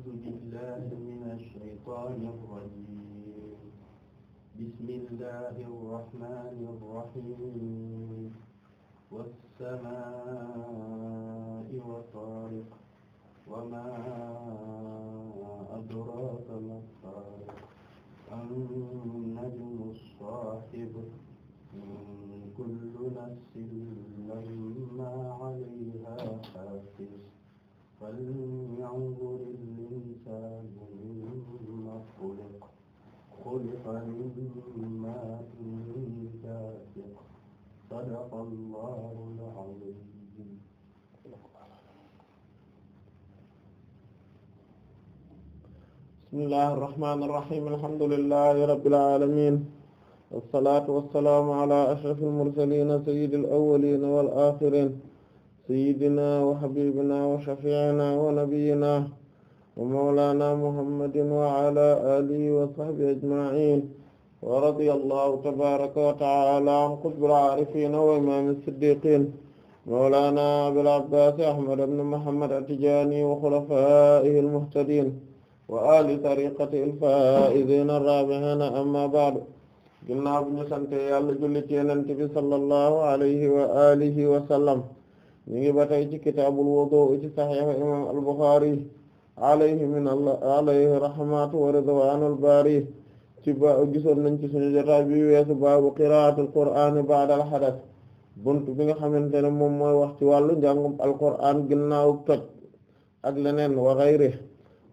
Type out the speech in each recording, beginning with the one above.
أعوذ بالله من الشيطان الرجيم بسم الله الرحمن الرحيم والسماء وطارق وما أدراك ما الطارق النجم الصاحب إن كل نفس لما عليها حافظ فلينظر خلق من ماء دافق صدق الله العظيم بسم الله الرحمن الرحيم الحمد لله رب العالمين والصلاة والسلام على أشرف المرسلين سيد الأولين والآخرين سيدنا وحبيبنا وشفيعنا ونبينا wa mawlaana muhammadin wa ala alihi wa sahbihi ajma'in wa radiyallahu tabaraka wa ta'ala an qutbil aarifin wa imaam as-siddiqin mawlaana abil abbaas ahmad ibn muhammad at-tijaani wa xulafaa'ihi al-muhtadiin wa ahli tariiqatihi al-faa'iziina ar-raabihiin amma ba'du ginnaaw bi ñu sant Yàlla julli ci Yonent bi sallallahu alayhi wa alihi wa sallam ñu ngi ba tey ci kitaabul wudu ci saxiix imaam al-Buxaari alayhi min allah alayhi rahmatu wa bari ci ba gisoon nañ ci suñu jotaay bi weesu baabu qiraatul qur'aan ba'da al hadath bunt bi nga xamante ne moom mooy wax ci wàllu njàngum alqur'aan ginnaaw toj ak leneen wa ghayri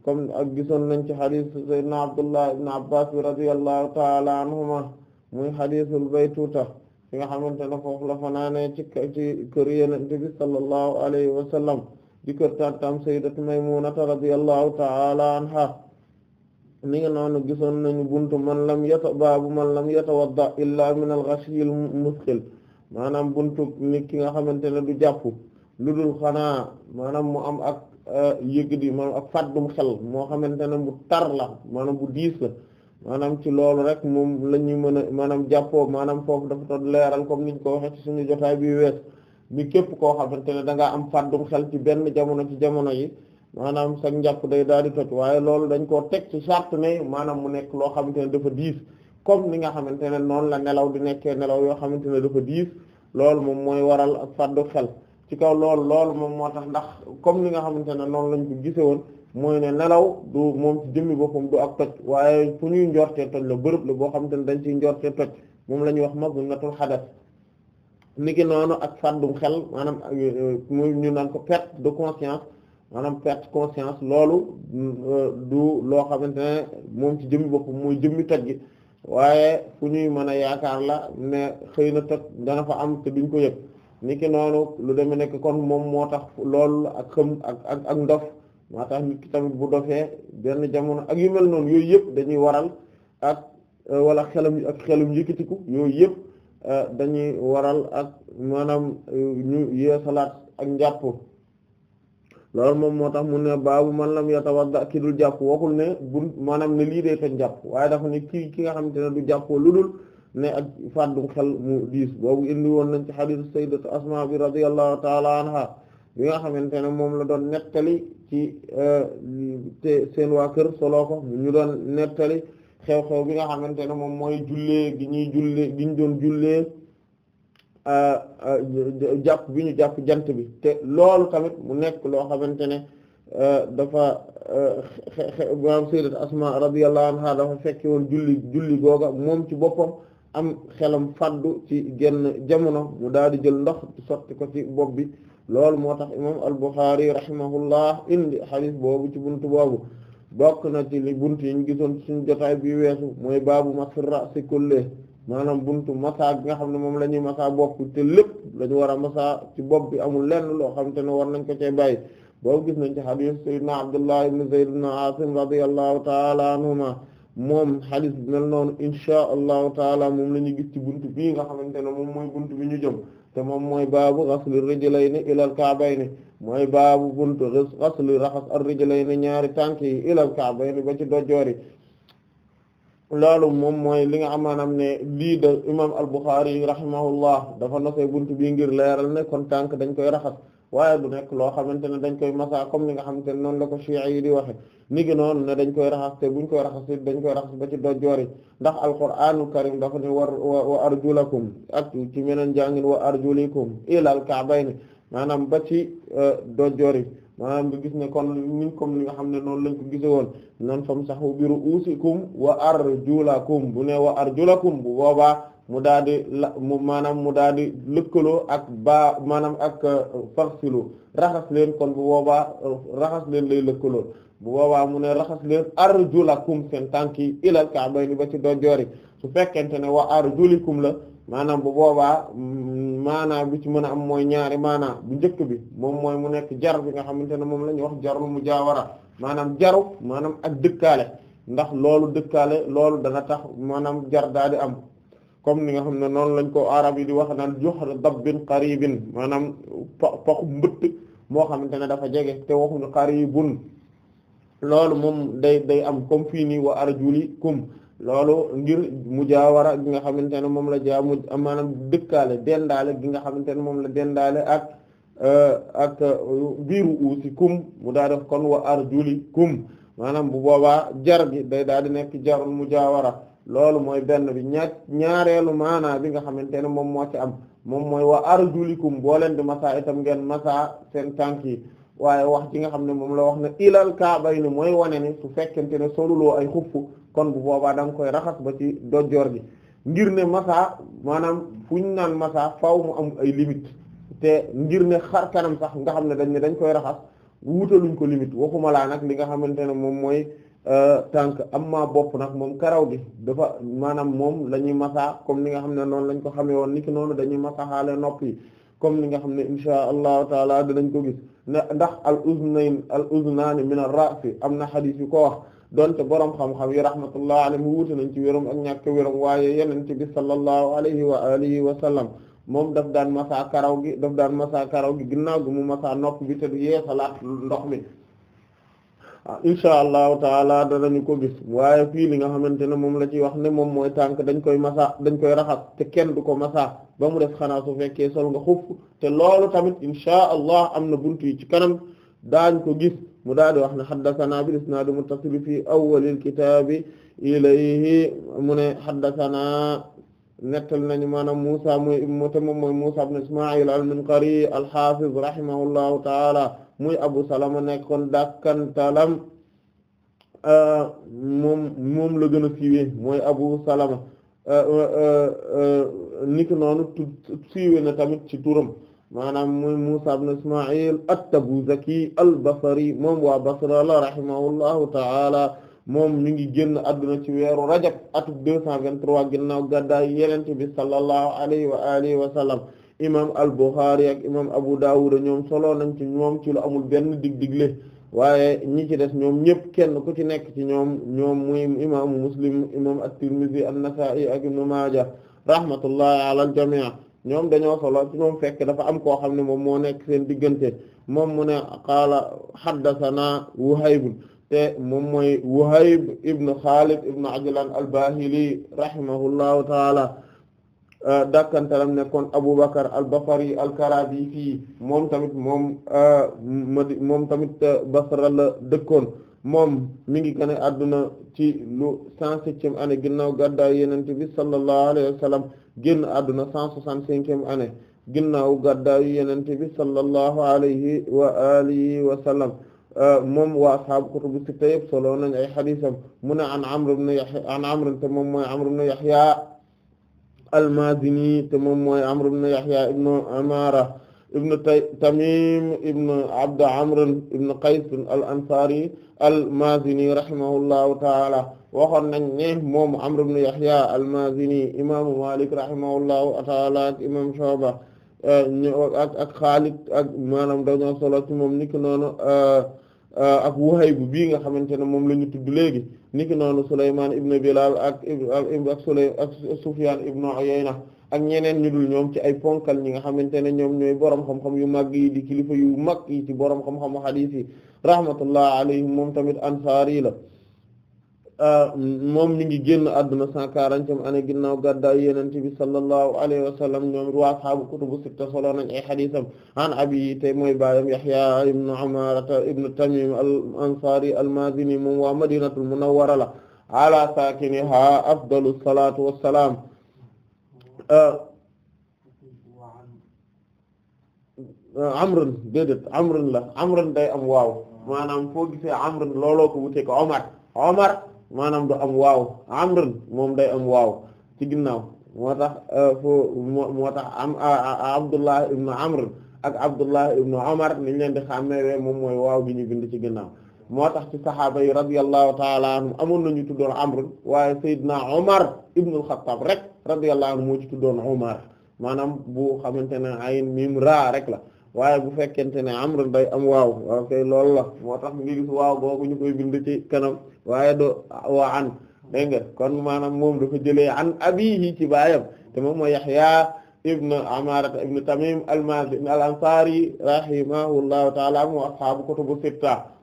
comme ak gisoon nañ ci hadith sayyidina abdullah ibn abbas bi radiyallahu ta'ala anhuma muy hadithul baytuta bi nga xamante ne foofu fanaane ci ci kër yonent sallallahu alayhi wa di kër tantam sayyidatu Maymunata radiyallahu ta'ala anha ni nga noonu gisoon nañu buntu man lam yata baabu man lam yatawadda illaa min al-ghashyil muthqil maanaam buntu nit ki nga xamante ne du jàpp lu dul xanaa maanaam mu am ak eh, yëgdi maanaam ak fàddum xel moo xamante ne mu tar la maanaam bu diis la maanaam ci loolu rek moom la ñuy mën a maanaam jàppoo maanaam foofu dafa doon leeral comme niñ ko waxee ci suñu jotaay bi wees mi képp koo xamante ne danga ngaa am fàddum xel ci benn jamono ci jamono yi maanaam sa njàpp day daal di toj waaye loolu dañ koo teg ci charte ne maanaam mu nekk loo xamante ne dafa diis comme ni nga xamante ne noonu la nelaw di nekkee nelaw yoo xamante ne dafa diis loolu moom mooy waral ak fàddu xel ci kaw loolu loolu moom moo tax ndax comme ni nga xamante ne noonu lañ ko gise woon mooy ne nelaw du moom ci jëmmi boppam du ak toj waaye fu ñuy njortee toj la bërëb la boo xamante ne dañ ciy njortee toj moom la ñuy wax mazunnatul xadas niki noonu ak fàddum xel maanaam euh, euh, muy ñu naan ko perte de conscience maanaam perte conscience loolu euh, du loo xamante ne moom ci jëmmi bopp mooy jëmmi toj gi waaye fu ñuy mën a yaakaar la ne xëy na te dana fa am te duñ ko yëg niki noonu lu demee nekk kon moom moo tax lool ak xëm ak ak ak ndof moo tax nit ki tamit bu dofee benn jamono ak yu mel noonu yooyu yëpp dañuy waral ak wala xelam ak xelum yëkkatiku yooyu yëpp Euh, dañuy waral ak maanaam euh, ñu yeesalaat ak njàpp loolu moom moo tax mu ne baabu man lam yatawadda ki dul jàpp waxul ne bun maanaam ne lii day toj njàpp waaye dafa ne kii ki nga xamante ne du jàppoo lu dul ne ak fàddum xel mu diis boobu indi woon nañ ci xadiis sayyidatu Asmaa bi radiyallahu taala anha bi nga xamante ne moom la doon nettali ci euh, te seen waa kër solo ko ñu doon nettali xew-xew bi nga xamante ne moom mooy jullee gi ñuy jullee gi ñu doon jullee euh, euh, jàpp bi ñu jàpp jant bi te loolu tamit mu nekk loo xamante ne euh, dafa maam sayyidat Asma radiyallahu anha dafa fekke woon julli googa moom ci boppam am xelam faddu ci genn jamono mu daal di jël ndox sotti ko ci bopp bi loolu moo tax imam al-Bukhari indi hadith boobu ci bunt boobu bokk na ci li bunt yi ñu gisoon suñu jotaay bi weesu mooy baabu masir ra'si kulli maanaam buntu masa bi nga xam ne moom la ñuy masa bopp te lépp la ñu war a masa ci bopp bi amul lenn loo xam te ne war nañ ko cee bàyyi boobu gis nañ ci hadith sayyidina abdullah ibn zayd ibn asim radiyallahu taala anhuma moom hadith bi mel noonu insha allahu taala moom la ñuy gis ci buntu bii nga xamante ne moom mooy bunt bi ñu jëm moom mooy baabu xasli rijlayni ilal ka'bayni mooy baabu buntu xasli raxas ar-rijlayni ñaari tànk yi ilal ka'bayni ba ci dojjoor yi loolu moom mooy li nga amaanaam ne lii da imam al-Bukhari rahimahullah dafa nosee buntu bii ngir leeral ne kon tànk dañ koy raxas waaye du nekk loo xamante ne dañ koy masa comme li nga xamante ne noonu la ko chiites yi di waxe ni gi noonu ne dañ koy raxas te buñ koy raxas te dañ koy raxas ba ci dojjoor yi ndax alqur'aanul karim dafa ne war wa arjulakum ak ci meneen jàngin wa arjulikum ilal ka'bayni maanaam ba ci e, dojjoor yi maanaam nga gis ne kon niñ comme li nga xam ne noonu lañ ko gise woon noonu fam saxu bi ru'usikum wa arjulakum bu ne wa arjulakum bu boobaa mu daal di la mu maanaam mu daal di lëkkaloo ak ba maanaam ak euh, farsilu raxas leen kon bu boobaa euh, raxas leen lay lëkkaloo bu boobaa mu ne raxas leen arjulakum seen tànk yi ilal ka'bayni ba ci dojoori su fekkente ne waa arjulikum la maanaam bu boobaa mm, maanaa bi ci mën a am mooy ñaari maanaa bu njëkk bi moom mooy mu nekk jar bi nga xamante ne moom la ñuy wax jarul mu jaawara maanaam jaru maanaam ak dëkkaale ndax loolu dëkkaale loolu dana tax maanaam jar daal di am comme ni nga xam ne noonu lañ ko arab yi di wax naan juhra dabbin qaribin maanaam paxu mbëtt moo xamante ne dafa jege te waxuñu qaribun loolu moom day day am comme fii nii wa arjulikum loolu ngir mujaawara gi nga xamante ne moom la jaa mu maanaam dëkkaale dendaale gi nga xamante ne moom la dendaale ak euh, ak euh, biiru uusikum mu daa def kon wa arjulikum maanaam bu boobaa jar gi day daal di nekk jarul mujaawara loolu mooy benn bi ña ñaareelu maanaa bi nga xamante ne moom moo ci am moom mooy wa arjulikum boo leen di masa itam ngeen masa seen tànk yi waaye wax ci nga xam ne moom la wax ne ilal kaabay ni mooy wane ni su fekkente ne soluloo ay xuff kon bu boobaa da koy raxas ba ci dojjoor gi ngir ne masa maanaam fu ñu naan masa faw mu am ay limite te ngir ne xar kanam sax nga xam ne dañ ne dañ koy raxas wutaluñ ko limite waxuma laa nag li nga xamante ne moom mooy Euh, tànk amma bopp na moom karaw gi dafa maanaam moom lañuy ñuy masaa comme ni nga xam ne noonu lañ ko xamee woon ki noonu dañuy masaxaale nopp yi comme ni nga xam ne insha allahu taala dinañ ko gis ndax al uznayn al uznaani min a ra'si am na xadiis yu ko wax donte borom xam-xam yi rahmatullah alayhi wuute nañ ci wéram ak ñàkk wéram waaye yenente bi sallallahu alayhi wa alihi wa sallam moom daf daan masaa karaw gi daf daan masaa karaw gi ginnaaw gi mu masaa nopp bi te du yeesalaat ndox mi insha allahu taala danañu ko gis waaye fii li nga xamante ne moom la ci wax ne moom mooy tànk dañ koy masa dañ koy raxas te kenn du ko masaa ba mu def xanaa su fekkee sol nga te loolu tamit insha allah am na bunt ci kanam daañ ko gis mu daal di wax ne xaddasanaa bil isnaadi muttasil fii awwalil kitaabi ilayhi mu ne xaddasanaa nettal nañu maanaam Muusaa mooy te moom mooy Muusaa ibn Ismaayil al-Minqari al-Haafiz rahimahullahu taala muy Abu Salama nekkoon dakkantalam euh, moom moom la gën a siiwee mooy Abu Salama euh, euh, niki noonu siiwee na tamit ci turam maanaam muy Musa ibn Isma'il at-Tabuzaki al-Basri moom waa Basra la rahimahullahu ta'ala moom mi ngi génn adduna ci weeru rajab atum 223 ginnaaw gàddaay Yonent bi sallallahu alayhi wa alihi wa sallam imam al-Bukhari ak imam Abu Dawud ñoom solo nañ ci ñoom ci lu amul benn dig waaye ñi ci des ñoom ñëpp kenn ku ci nekk ci ñoom ñoom muy imaamu Muslim imam at-Tirmidhi an-Nasa'i ak Ibn Maaja rahmatullahi ala al-jami' ñoom dañoo solo ci moom fekk dafa am koo xam ne moom moo nekk seen diggante moom mu ne qaala haddathana Wuhayb te moom mooy Wuhayb ibn Khalid ibn Ajlan al-Bahili rahimahullahu taala Euh, dakkantalam nekkoon Aboubacar al-Basri al-Karabi moom tamit moom euh, moom tamit euh, Basra la moom mi ngi gane adduna ci lu cent septième année ginnaaw gàddaay Yonent bi sallallahu alayhi wa sallam génn adduna cent ginnaaw gàddaay Yonent bi sallallahu alayhi wa alihi wa sallam moom waa ashaabu kutubu sitta yépp solo nañ ay hadiisam mu ne an Amr moom mooy Amr Yahya al-Maazini te moom mooy Amr ibn Yahya ibn Amara ibn Tamim ibn Abd Amr ibn Qays al-Ansari al-Maazini rahimahullahu ta'ala waxoon nañ ne moom Amr ibn Yahya al-Maazini imaamu Malik rahimahullahu ta'ala ak imam Shu'ba euh, ak ak Khalid ak maanaam dañoo solo ci moom niki noonu euh, Euh, ak Wuhayb bii nga xamante ne moom la ñu tudd léegi niki noonu Sulaymaan ibn Bilaal ak ak Sulay ak Sufyaan ibn Uyayna ak ñeneen ñu dul ñoom ci ay ponkal ñi nga xamante ne ñoom ñooy borom xam-xam yu màgg yi di kilifa yu mag yi ci borom xam-xamu hadiis yi rahmatullah alayhim moom tamit ansaari la moom mi ngi génn àdduna cent quarantième année ginnaaw gàddaay yonent bi sallallahu alayhi wa sallam ñoom waa ashaabu kutubu sitta solo nañ ay xadiisam an abi tey baayam Yahya ibnu Umaarata ibnu Tamim al-Ansaari al-Maazini moom waa Madinatul Munawwara la ala saakinihaa afdalu salaatu wa amrun déedéet amrun la amrun am waaw maanaam foo gisee amrun looloo ko wuteek Omar Omar maanaam du am waaw amrun moom day am waaw ci ginnaaw moo tax euh, fu moo tax am Abdullah ibnu Amr ak Abdullah ibnu Umar niñ leen di xàmmee moom mooy waaw gi ñu bind ci ginnaaw moo tax ci saxaaba yi radiyallahu taala amun amoon ñu tuddoon Amr waaye Seydina Umar ibnul Xattaab rek radiyallahu anhu moo tuddoon Umar maanaam bu xamante ne ayin mim ra rek la waaye bu fekkente ne Amr day am waaw loolu la moo tax ngi gis waaw googu ñu koy bind ci kanam waaye do wa an dégg kon maanaam moom dafa jëlee an abihi ci baayam te moom mooy Yahya ibn ta ibn Tamim al-Mazini al-Ansari rahimahullahu ta'ala mu ashaabu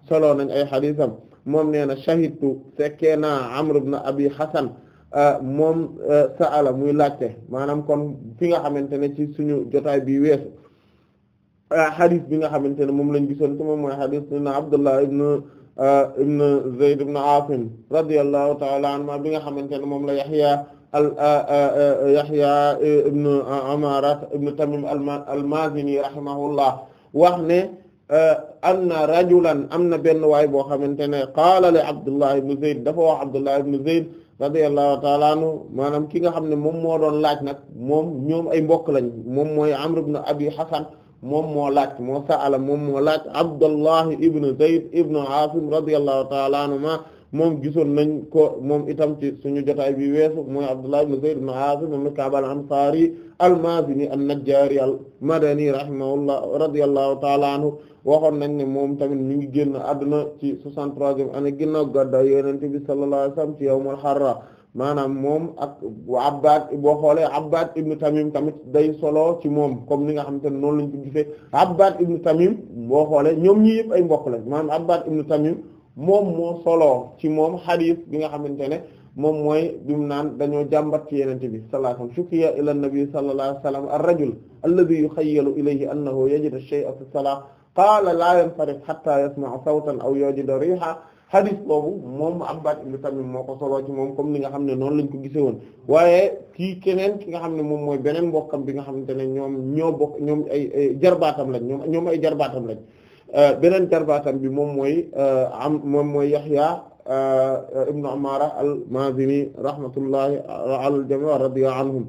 solo nañ ay xadiisam moom nee na shahidtu fekkee naa Amr Abi Hasan ah, moom ah, sa'ala muy laajte maanaam kon fi nga xamante ne ci suñu jotaay bi weesu xadiis ah, bi nga xamante ne moom lañ bisoon te moom mooy xadiis na Abdullah ibn Zayd ibn Asim radiyallahu ta'ala anhuma bi nga xamante ne moom la Yahya al Yahya ibn Amara ibn Tamim al-Mazini rahimahullah wax ne am na rajulan am na benn waay boo xamante ne qaala li Abdullah ibn Zayd dafa wax Abdullah ibn Zayd radiyallahu ta'ala anhu maanaam ki nga xam ne moom moo doon laaj nag moom ñoom ay mbokk lañ moom mooy Amr ibn Abi Hasan moom moo laaj moo sa'ala moom moo laaj Abdullahi ibn Zayd ibn Asim radiyallahu ta'ala anhuma moom gisoon nañ ko moom itam ci suñu jotaay bi weesu mooy Abdullah ibn Zayd ibn Asim ibn Ka'b al-Ansari al-Mazini an-Najjari al-Madani rahimahullah radiyallahu ta'ala anhu waxoon nañ ne moom tamit mi ngi génn àdduna ci 63e année ginnaaw gàddaay Yonent bi sallallahu alayhi wasallam ci yawmul Harra maanaam moom ak Abbad boo xoolee Abbad ibn Tamim tamit day solo ci moom comme ni nga xamante ne noonu lañu ko gisee Abbad ibn Tamim boo xoolee ñoom ñii yëpp ay mbokk lañ maanaam Abbad ibn Tamim moom moo solo ci moom xadiis bi nga xamante ne moom mooy bi naan dañoo jàmbat ci yenente bi sallallahu alayhi wasallam shukkiya ila nabi sallallahu alayhi wasallam ar-rajul alladhi yukhayyalu ilayhi annahu yajidu shay'an fi salah qaala la yanfarif hatta yasma'a sawtan aw yajidu riha xadis boobu moom Abbad ibn Tamim moo ko soloo ci moom comme ni nga xam ne noonu lañ ko gisee woon waaye kii keneen ki nga xam ne moom mooy beneen mbokkam bi nga xamante ne ñoom ñoo bokk ñoom ay jarbaatam lañ ñoom ñoom ay jarbaatam lañ euh, beneen jarbaatam bi moom mooy euh, am moom mooy Yahya euh, ibnu Amara al-Mazini rahmatullahi ala al-jami' radiya anhum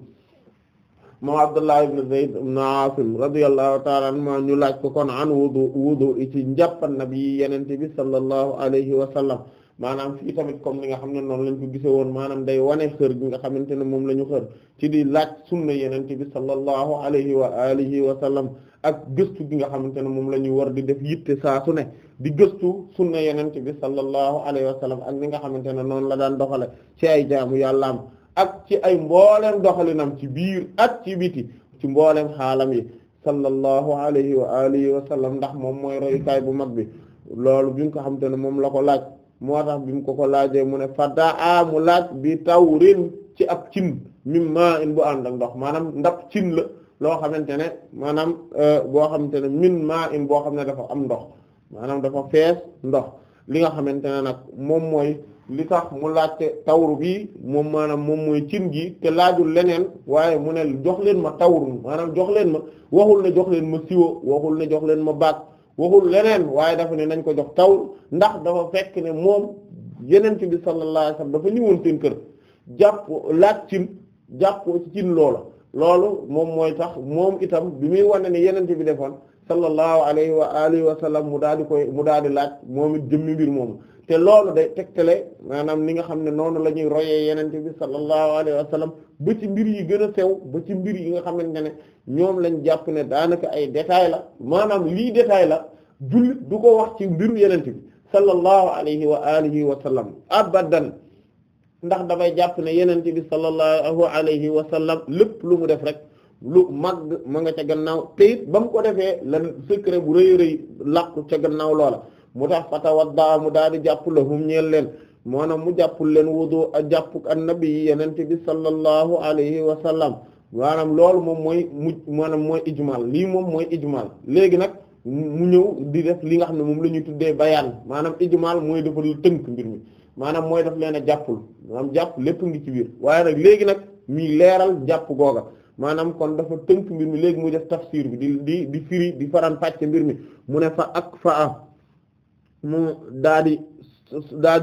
moo Abdullah ibn Zayd ibn Asim radiyallahu ta'ala anhu ñu laaj ko kon an wudu wudu i ci njàppan nabi yenente bi sallallahu alayhi wa sallam maanaam fii tamit comme li nga xam ne noonu ñu ko gise woon maanaam day wane xër gi nga xamante ne moom la ñu xër ci di laaj sunna yenente bi sallallahu alayhi wa alihi wa sallam ak gëstu gi nga xamante ne moom la ñuy war di def yitte saa ne di gëstu sunna yenente bi sallallahu alayhi wa sallam ak li nga xamante ne noonu la daan doxale ay jaamu yàllaam ak ci ay mbooleem doxalinam ci biir ak ci biti ci mboolem xaalam yi sallallahu alayhi wa alihi wa sallam ndax moom mooy royukaay bu mag bi loolu bi mu ko xam te ne moom la ko laaj moo tax bi mu ko ko laajee mu ne fadaa mu laaj bi tawrin ci ab cin mim maa in bu ànd ak ndox maanaam ndab cin la loo xamante ne maanaam euh, boo xamante ne min maa in boo xam ne dafa am ndox maanaam dafa fees ndox li nga xamante ne nag moom mooy li tax mu laajte tawru bi moom maanaam moom mooy cin gi te laajul leneen waaye mu ne jox leen ma tawru maanaam jox leen ma waxul ne jox leen ma siwo waxul ne jox leen ma baat waxul leneen waaye dafa ne nañ ko jox tawru ndax dafa fekk ne moom yeneen bi sallallahu alayhi wasallam dafa ñëwoon seen kër jàpp laaj cin jàppoo ci cin loola loolu moom mooy tax moom itam bi muy wane ne yeneen bi defoon sallallahu alayhi wa alihi wa sallam mu daal di koy mu daal di laaj moom it jëmmi mbir moomu te loolu day tegtale maanaam ni nga xam ne noonu la ñuy royee yenente bi sallallahu alayhi wa sallam ba ci mbir yi gën a sew ba ci mbir yi nga xamante ne ñoom lañ jàpp ne daanaka ay détail la maanaam lii détail la jullit du ko wax ci mbiru yi bi sallallahu alayhi wa alihi wa sallam abadan ndax dafay jàpp ne yenente bi sallallahu alayhi wa sallam lépp lu mu def rek lu mag ma nga ca gannaaw te ba mu ko defee la secret bu rëy rëy làqu ca gannaaw loola mu tax fatawadda mu daal di jàpp lahum ñeel leen maanaam mu jàppul leen wudu ak jàpp annabi yi yenente bi sallallahu alayhi wa sallam maanaam loolu moom mooy muj maanaam mooy ijmal lii moom mooy ijmal léegi nag mu ñëw di def li nga xam ne moom la ñuy tuddee bayaan maanaam ijmal mooy dafa tënk mbir mi maanaam mooy daf leen a jàppul maanaam jàpp lépp ngi ci biir waaye nag léegi nag mi leeral jàpp googa maanaam kon dafa tënk mbir mi léegi mu def tafsir bi di di di firi di faran pàcc mbir mi mu ne fa ak fa a mu daa di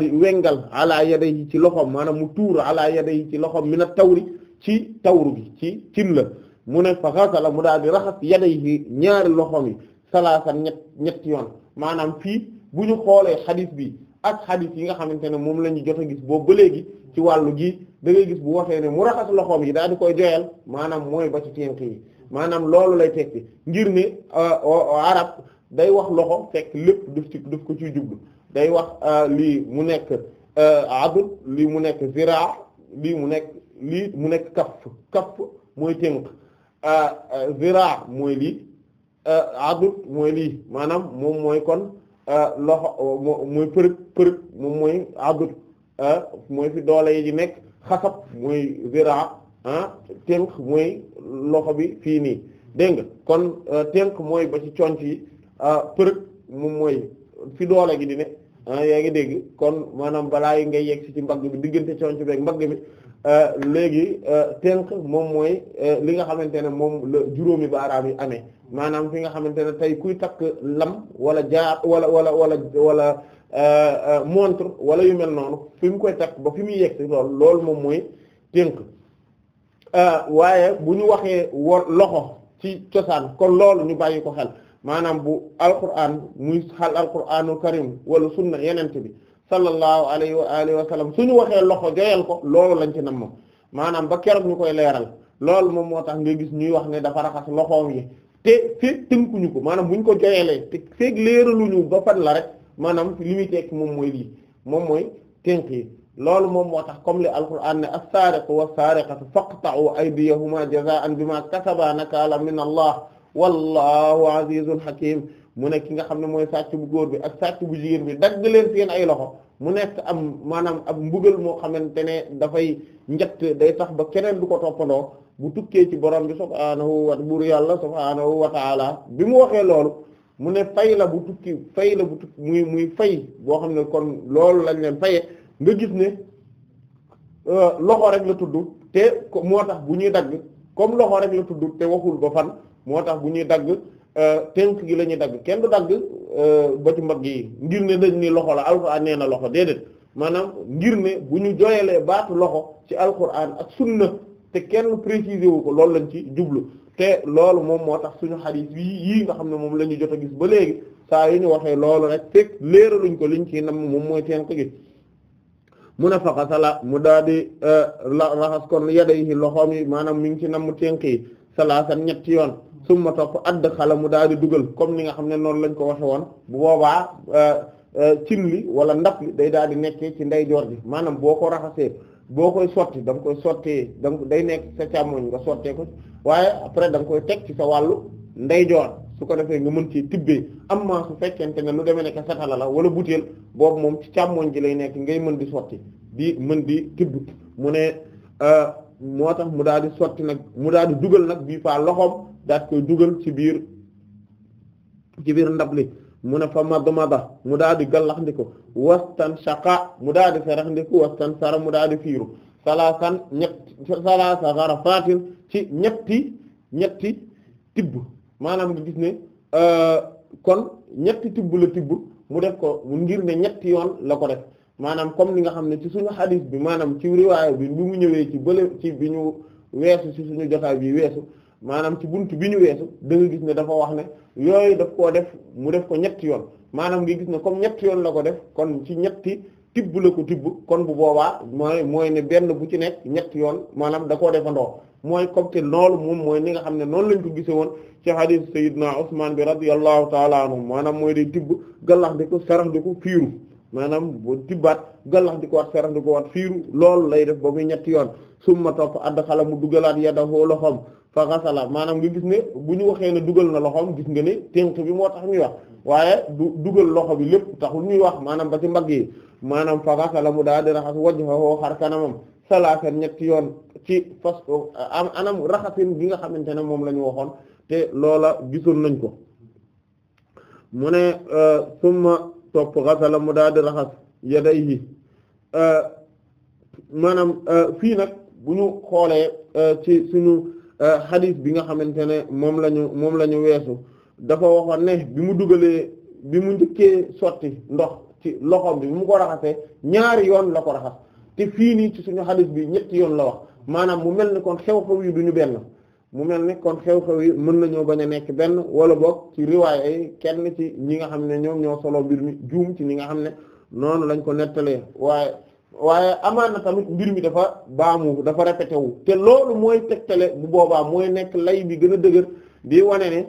di wengal ala yada yi ci loxom maanaam mu tuur ala yada ci ci mi mina tawri ci tawru bi ci cin la mu ne fa xasala mu daal di raxas yada yi ñaari loxoom yi salaasan ñett ñett yoon maanaam fii bu ñu xoolee xadis bi ak xadis yi nga xamante ne moom la ñu jot a gis boobu ba léegi ci wàllu gi da gis bu waxee ne mu raxas loxoom yi daal di koy joyal maanaam mooy ba ci teenk yi maanaam loolu lay tekki ngir ne euh, arab day wax loxo fekk lépp daf ci daf ko ciy jublu day wax euh, lii mu nekk euh, adul lii mu nekk ziraa lii mu nekk lii mu nekk kaff kaff mooy tënk euh, ziraa mooy lii mooy lii maanaam moom mooy kon loxo mooy përëg përëg moom mooy adul mooy fi doole yi di nekk xasab mooy ziraa ah tënk mooy loxo bi fii nii dégg nga kon tënk mooy ba ci conc yi përëg moom mooy fi doole gi di ne ah, yaa ngi dégg kon maanaam balaa yi ngay yegg si ci mbagg bi diggante conc beeg mbagg bi ah, léegi ah, tenk moom mooy li nga xamante ne moom la juróomi baaraam yi amee maanaam fi nga xamante ne tey kuy takk lam wala jaar wala wala wala wala montre wala yu mel noonu fi mu koy takk ba fi muy yegg si lool loolu moom mooy tenk waaye bu ñu waxee wor loxo ci cosaan kon loolu ñu bàyyi ko xel maanaam bu alquran muy xal alquranul karim wala sunna yenente bi sallallahu alayhi wa alihi wa sallam suñu waxee loxo joyal ko loolu lañu ci nam moom maanaam ba keroog ñu koy leeral loolu moom moo tax nga gis ñuy wax ne dafa raxas loxoom yi te feeg ko maanaam buñ ko joyalee te feeg leeraluñu ba fan la rek maanaam li muy moom mooy lii moom mooy tënk yi loolu moom moo tax comme li alquran ne as-sariqu was-sariqatu faqta'u aydiyahuma jaza'an bima kasaba nakala min allah wallahu azizun hakim mu nekk ki nga xam ne mooy sàcc bu góor bi ak sàcc bu jigéen bi dagg leen seen ay loxo mu nekk am maanaam ab mbugal moo xamante ne dafay njett day tax ba keneen du ko toppandoo bu tukkee ci borom bi subhaanahu wa buur yàlla subhaanahu wa taala bi mu waxee loolu mu ne fay la bu tukki fay la bu tukki muy muy fay boo xam ne kon loolu lañ leen faye nga gis ne euh, loxo rek la tudd te moo tax bu ñuy dagg comme loxo rek la tudd te waxul ba moo tax bu ñuy dagg euh, tënk gi la ñuy dagg kenn du dagg euh, ba ci mbagg yi ngir ne dañ ni loxo la alxuraan nee na loxo déedéet maanaam ngir ne bu ñu jooyalee baatu loxo ci alxuraan ak sunna te kenn préciser wu ko loolu lañ ci jublu te loolu moom moo tax suñu xadiis yi yii nga xam ne moom la ñu jot a gis ba léegi saa yu ñu waxee loolu rek fekk leeraluñ ko liñ ci nam moom mooy tinq gi mu ne faqasala mu daal di euh, raxas kon yadayhi loxoom yi maanaam mi ngi ci nam mu tënk yi salaasan ñetti yoon. summa topp add xala mu daal di dugal comme ni nga xam ne noonu lañ ko waxe woon bu boobaa euh, euh, cin li wala ndab day daal di nekkee ci ndeyjoor ji maanaam boo ko raxasee boo koy sotti da nga sottee da day nekk sa càmmoñ nga sottee waaye après da koy teg ci sa wàllu ndeyjoor su ko defee nga mën ci tibbee amma su fekkente ne lu demee nekk satala la wala butéel boobu moom ci càmmoñ ji lay nekk ngay mën di sotti di mën di tibb mu ne euh, moo tax mu daal di sotti nag mu daal di dugal nag bii faa loxoom daat koy dugal ci biir ci ndab li mu ne fa mad mada mu daal di gallaxndiku wastan shaqa mu daal di feraxndiku wastan sara mu daal di fiiru salaasan ñett salaasa gharafaatin ci ñetti ñetti tibb maanaam nga gis ne euh, kon ñetti tibb la tibb mu def ko mu ngir ne ñetti yoon la ko def maanaam comme li nga xam ne ci suñu xadis bi maanaam ci riwaayo bi bi mu ñëwee ci bële ci bi ñu weesu ci suñu jotaay bi weesu maanaam ci bunt bi ñu weesu da gis ne dafa wax ne yooyu daf koo def mu def ko ñetti yoon maanaam nga gis ne comme ñetti yoon la ko def kon ci ñetti tibb la ko tibb kon bu boobaa mooy mooy ne benn bu ci nekk ñetti yoon maanaam da koo defandoo mooy comme te loolu moom mooy ni nga xam ne noonu lañ ko gise woon ci hadith Seydina Usman bi radiyallahu taala anhu maanaam mooy day tibb gallax di ko sarax di ko fiiru maanaam bu tibbaat gallax di ko wax sarax di ko wat lay def ba ñetti yoon summa topp add xala mu dugalaat yadahu loxom fa xasala maanaam nga gis ni bu ñu waxee ne dugal na loxoom gis nga ne tënk bi moo tax ñuy wax waaye du dugal loxo bi lépp taxul ñuy wax maanaam ba ci mbagg yi maanaam fa mu daal di raxas wajhahu xar kanamam salaasan ñetti yoon ci fas am anam raxasin bi nga xamante ne moom la ñu waxoon te loola gisoon nañ ko mu ne euh, summa topp xasala mu daal di raxas yadayhi euh, maanaam euh, fii nag bu ñu xoolee ci suñu xadis euh, bi nga xamante ne moom la ñu moom la ñu weesu dafa waxoon ne bi mu dugalee bi mu njëkkee sotti ndox ci loxoom bi mu mu ko raxasee ñaari yoon la ko raxas te fii nii ci suñu xadis bi ñetti yoon la wax maanaam mu mel ni kon xew-xew yi du ñu benn mu mel ni kon xew-xew yi mën nañoo bañ a nekk benn wala boog ci riwaay yi kenn ci ñi nga xam ne ñoom ñoo solo mbir mi juum ci ñi nga xam ne noonu lañ ko nettalee waaye waaye amaana tamit mbir mi dafa baamu dafa répété wu te loolu mooy tegtale bu boobaa mooy nekk lay bi gën a dëgër di wane ne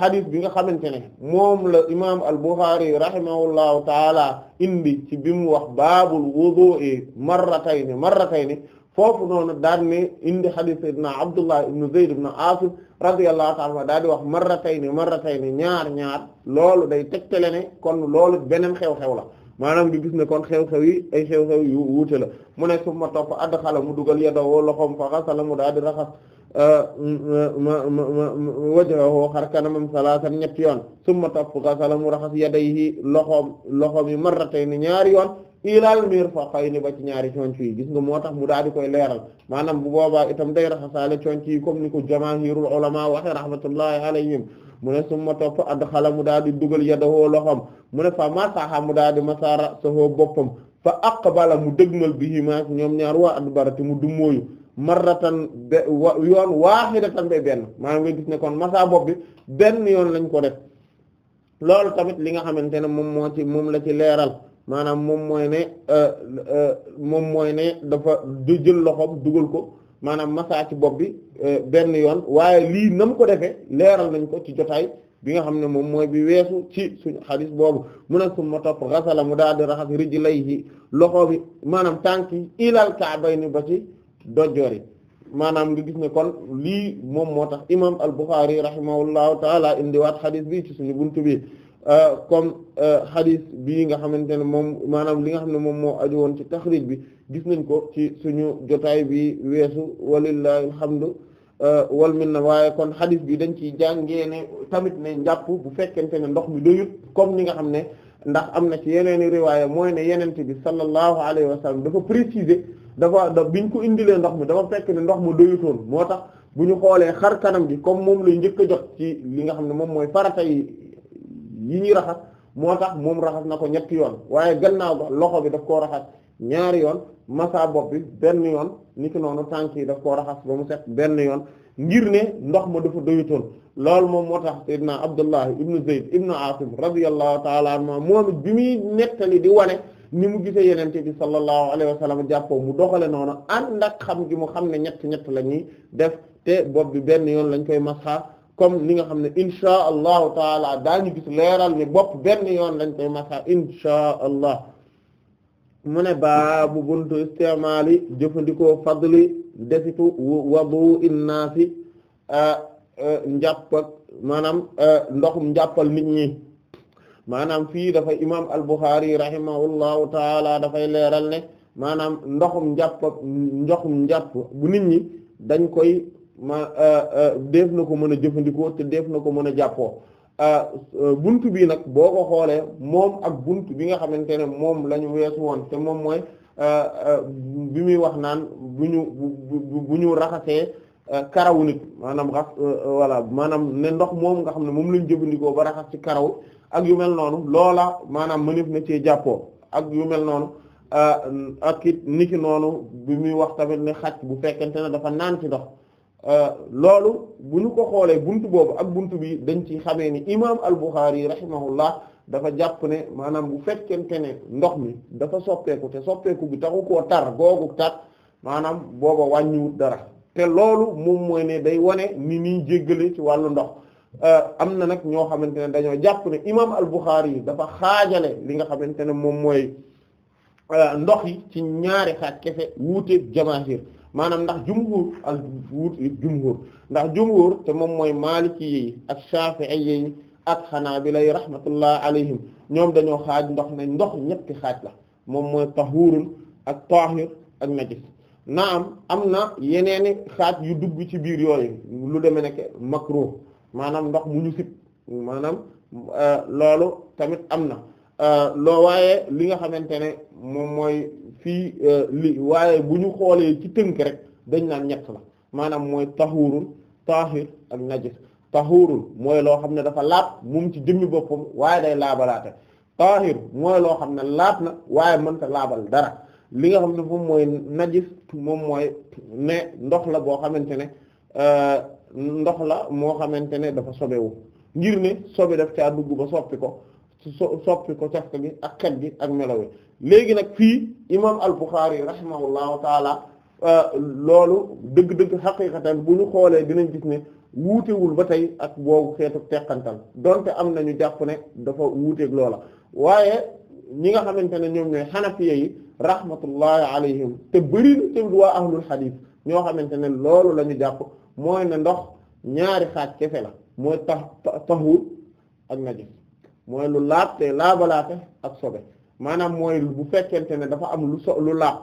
hadith euh, bi nga xamante ne moom la imaam al-Bukhari rahimahullahu taala indi ci bi mu wax baabul wudu'i marratayni marratayni foofu noonu daan ne indi hadith sayyidina Abdullah ibn Zayd ibn Asim radiyallahu ta'ala daal di wax marratayni marratayni ñaar ñaar loolu day tegtale ne kon loolu beneen xew-xew la. maanaam du gis ne kon xew-xew yi ay xew-xew yu wuute la mu ne su ma topp add xala mu dugal yadawoo loxoom fa xasala mu daal di raxas euh, wajhahu xar kanamam salaasan ñetti yoon summa topp xasala mu raxas yadayhi loxoom loxoom yi marratayni ñaari yoon ilal mirfaqayni ba ci ñaari conc yi gis nga moo tax mu daal di koy leeral maanaam bu boobaa itam day raxasaale conc yi comme ni ko jamaahirul ulama waxe rahmatullahi alayhim mu ne summa topp add xala mu daa di dugal yadowoo loxoom mu ne fa masaha mu daa di masara sahoo boppam fa bala mu dëgmal bihi ma ñoom ñaar waa adbarati mu dummóoyu marratan be yoon waahidatan be benn maanaam nga gis ne kon masa bopp benn yoon lañ ko def loolu tamit li nga xamante ne moom moo ci moom la ci leeral maanaam moom mooy ne euh, euh, moom mooy ne dafa jël loxoom dugal ko maanaam masaa ci bopp bi euh, benn yoon waaye lii nam ko defee leeral nañ ko ci jotaay bi nga xam ne moom mooy bi weesu ci suñ xadis boobu mu ne summa topp xasala mu daal di raxas rijlayhi loxo bi maanaam tànk yi ilal ka'bayni ba ci dojjoor yi maanaam nga gis ne kon lii moom moo tax imam al-Bukhari rahimahullahu taala indiwaat xadis bi ci suñu buntu bi Euh, comme euh, hadith bii nga xamante ne moom maanaam li nga xam ne moom moo aju woon ci taxrij bi gis nañ ko ci suñu jotaay bi weesu walillahi alhamdu euh, wal na waaye kon hadith bii dañ ciy jàngee ne tamit ne njàpp bu fekkente ne ndox mi doyut comme ni nga xam ne ndax am na ci yeneen i riwaaya mooy ne yeneen bi sallallahu alayhi wa sallam dafa préciser dafa da biñ ko indilee ndox mi dafa fekk ne ndox mu doyutoon moo tax bu ñu xoolee xar kanam gi comme moom lay njëkk a jot ci li nga xam ne moom mooy farata yi yi ñuy raxas moo tax moom raxas na ko ñetti yoon waaye gannaaw ba loxo bi daf koo raxas ñaari yoon masa bopp bi benn yoon niki noonu tànk yi daf koo raxas ba mu set benn yoon ngir ne ndox ma dafa doyutoon loolu moom moo tax sayyidina Abdullah ibnu Zayd ibnu Asim radiyallahu ta'ala anhuma moom it bi muy nettali di wane ni mu gisee yenente bi sallallahu alayhi wa jàppoo mu doxale noonu ànd ak xam gi mu xam ne ñett ñett la ñuy def te bopp bi benn yoon lañ koy masa comme ni nga xam ne insha allahu taala daañu gis leeral ni bopp benn yoon lañ koy masa insha allah mu ne baabu buntu istimaali jëfandikoo fadli desitu wadu innaasi njàpp ak maanaam ndoxum njàppal nit ñi maanaam fii dafay imam al-Bukhari rahimahullahu taala dafay leeral ne maanaam ndoxum njàpp ak ndoxum nit ñi dañ koy ma euh, euh, def na ko mën a jëfandikoo te def na ko mën a jàppoo euh, buntu bii nag boo ko xoolee moom ak buntu bi nga xamante ne moom la ñu weesu woon te moom mooy bi muy wax naan bu ñu bu ñu raxasee karaw nit maanaam rax voilà maanaam ne ndox moom nga xam ne moom lañ jëfandikoo ba raxas ci karaw ak yu mel noonu loola maanaam mënef na cee jàppoo ak yu mel noonu ak it niki noonu bi muy wax tamit ne xaj bu fekkente ne dafa naan ci ndox. Euh, loolu bu ñu ko xoolee buntu boobu ak buntu bi dañ ci xamee ni imaam al-Bukhari rahimahullah dafa jàpp ne maanaam bu fekkente ne ndox mi dafa soppeeku te soppeeku bi taxu koo tar googu tar maanaam booba wàññiwut dara te loolu moom mooy ne day wane ni niy jéggale ci wàllu ndox euh, am na nag ñoo xamante ne dañoo jàpp ne imaam al-Bukhari yi dafa xaajale li nga xamante ne moom mooy euh, ndox yi ci ñaari xaaj kefe wuuteeg jamaahir maanaam ndax jumhur al jumhur ndax jumhur te moom mooy maaliki yi ak shafi'i yi ak xanaabila yi rahmatullah alayhim ñoom dañoo xaaj ndox ne ndox ñetti xaaj la moom mooy tahurun ak tahir ak najis naam am na yeneeni xaaj yu dugg ci biir yooyu lu deme nekk makruh maanaam ndox mu ñu sib euh, loolu tamit am na euh, loo li nga xamante ne moom mooy fii euh, lii waaye bu ñu xoolee ci tënk rek dañ naan ñett la maanaam mooy taxuurul taahir ak najis taxuurul mooy loo xam ne dafa laab moom ci jëmmi boppam waaye day laabalaate taahir mooy loo xam ne laab na waaye mënta laabal dara li nga xam ne moom mooy najis moom mooy ne ndox la boo xamante ne euh, ndox la moo xamante ne dafa sobewu ngir ne sobe def caa dugg ba soppi ko soppi ko cafka gi ak xet gi ak melo wi léegi nag fii imam al-Bukhari rahimahullahu taala euh, loolu dëgg-dëgg xaqiqatan bu ñu xoolee dinañ gis ne wuutewul ba tey ak boobu xeetu teqantal donte am nañu jàpp ne dafa wuuteeg loola waaye ñi nga xamante ne ñoom ñooy xanafiya yi rahmatullahi alayhim te bëri na te waa ahlul xadiis ñoo xamante ne loolu la ñu jàpp mooy ne ndox ñaari xaaj kefe la mooy tax taxuur ak najis mooy lu laab te laabalaate ak sobe maanaam mooy bu fekkente ne dafa am lu so lu laab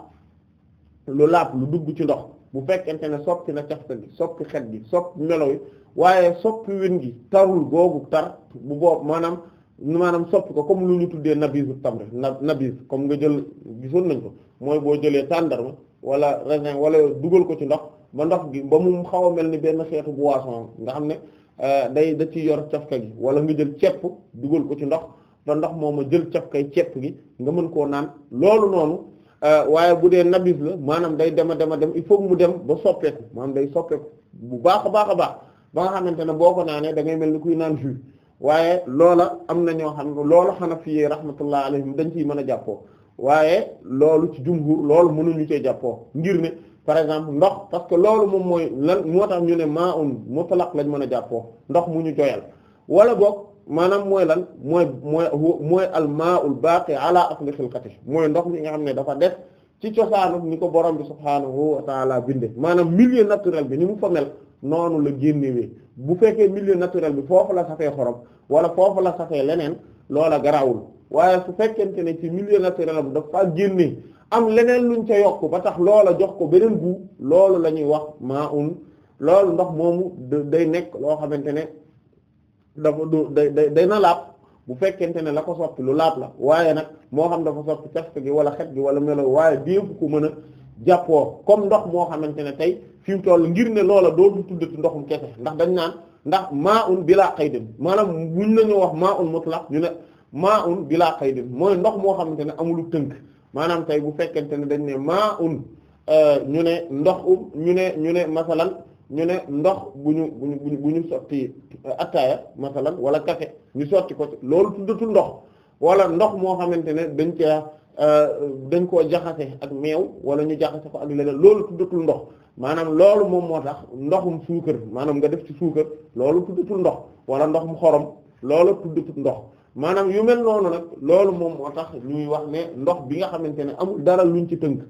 lu laab lu dugg ci ndox bu fekkente ne soppi na cafka gi soppi xet gi soppi melo yi waaye soppi wén gi tarul googu tar bu boobu maanaam maanaam soppi ko comme lu ñu tuddee nabisu tamr na nabis comme nga jël gisoon nañ ko mooy boo jëlee tàndarma wala raisin wala dugal ko ci ndox ba ndox gi ba mu xaw a mel ni benn xeetu boisson nga xam ne euh, day da ci yor cafka gi wala nga jël ceeb dugal ko ci ndox ba ndox mooma jël caf kay cepp gi nga mën koo naan loolu noonu euh, waaye bu dee nabis la maanaam day dema dema dem il faut mu dem ba soppeeku maanaam day soppeeku bu baax a baax a baax ba nga xamante ne boo ko naanee da ngay mel ni kuy naan jus waaye loola am na ñoo xam ne loolu Hanafi rahmatullah alayhim dañ ciy mën a jàppoo waaye loolu ci jumhur loolu mënuñu cee jàppoo ngir ne par exemple ndox parce que loolu moom mooy lan moo tax ñu ne maa un lañ mën a jàppoo ndox mu ñu joyal wala boog maanaam mooy lan mooy mooy mooy almaul baaqi ala asli xilqati mooy ndox mi nga xam ne dafa def ci cosaanu ni ko borom bi subhaanahu wa taala binde maanaam milieu naturel bi ni mu fa mel noonu la génnewee bu fekkee milieu naturel bi foofu la safee xorom wala foofu la safee leneen loola garaawul waaye su fekkente ne ci milieu naturel bi dafa génne am leneen luñ ca yokk ba tax loola jox ko beneen gu loolu la ñuy wax maa un loolu ndox moomu day nekk loo xamante ne dafa du day day day na laab bu fekkente ne la ko soppi lu laab la waaye nag moo xam dafa soppi cafka gi wala xet gi wala melo waaye déebu ko mën a jàppoo comme ndox moo xamante ne tey fi mu toll ngir ne loola doodu tuddati ndoxum kese ndax dañ naan ndax maa un bilaa qaydin maanaam buñ la wax maa un mutlaq ñu ne maa un bilaa qaydin mooy ndox moo xamante ne amulu tënk maanaam tey bu fekkente ne dañ ne maa un euh, ñu ne ndox um ñu ne ñu ne masalan ñu ne ndox bu ñu bu ñu bu sotti euh, attaaya masalan wala café ñu sotti ko loolu tuddatul ndox wala ndox moo xamante ne dañ caa euh, dañ koo jaxase ak meew wala ñu jaxase ko ak leneen loolu tuddatul ndox maanaam loolu moom moo tax ndoxum suukar maanaam nga def ci suukar loolu tuddatul ndox wala ndox mu xorom loolu tuddatul ndox maanaam yu mel noonu nag loolu moom moo tax ñuy wax ne ndox bi nga xamante ne amul dara luñ ci tënk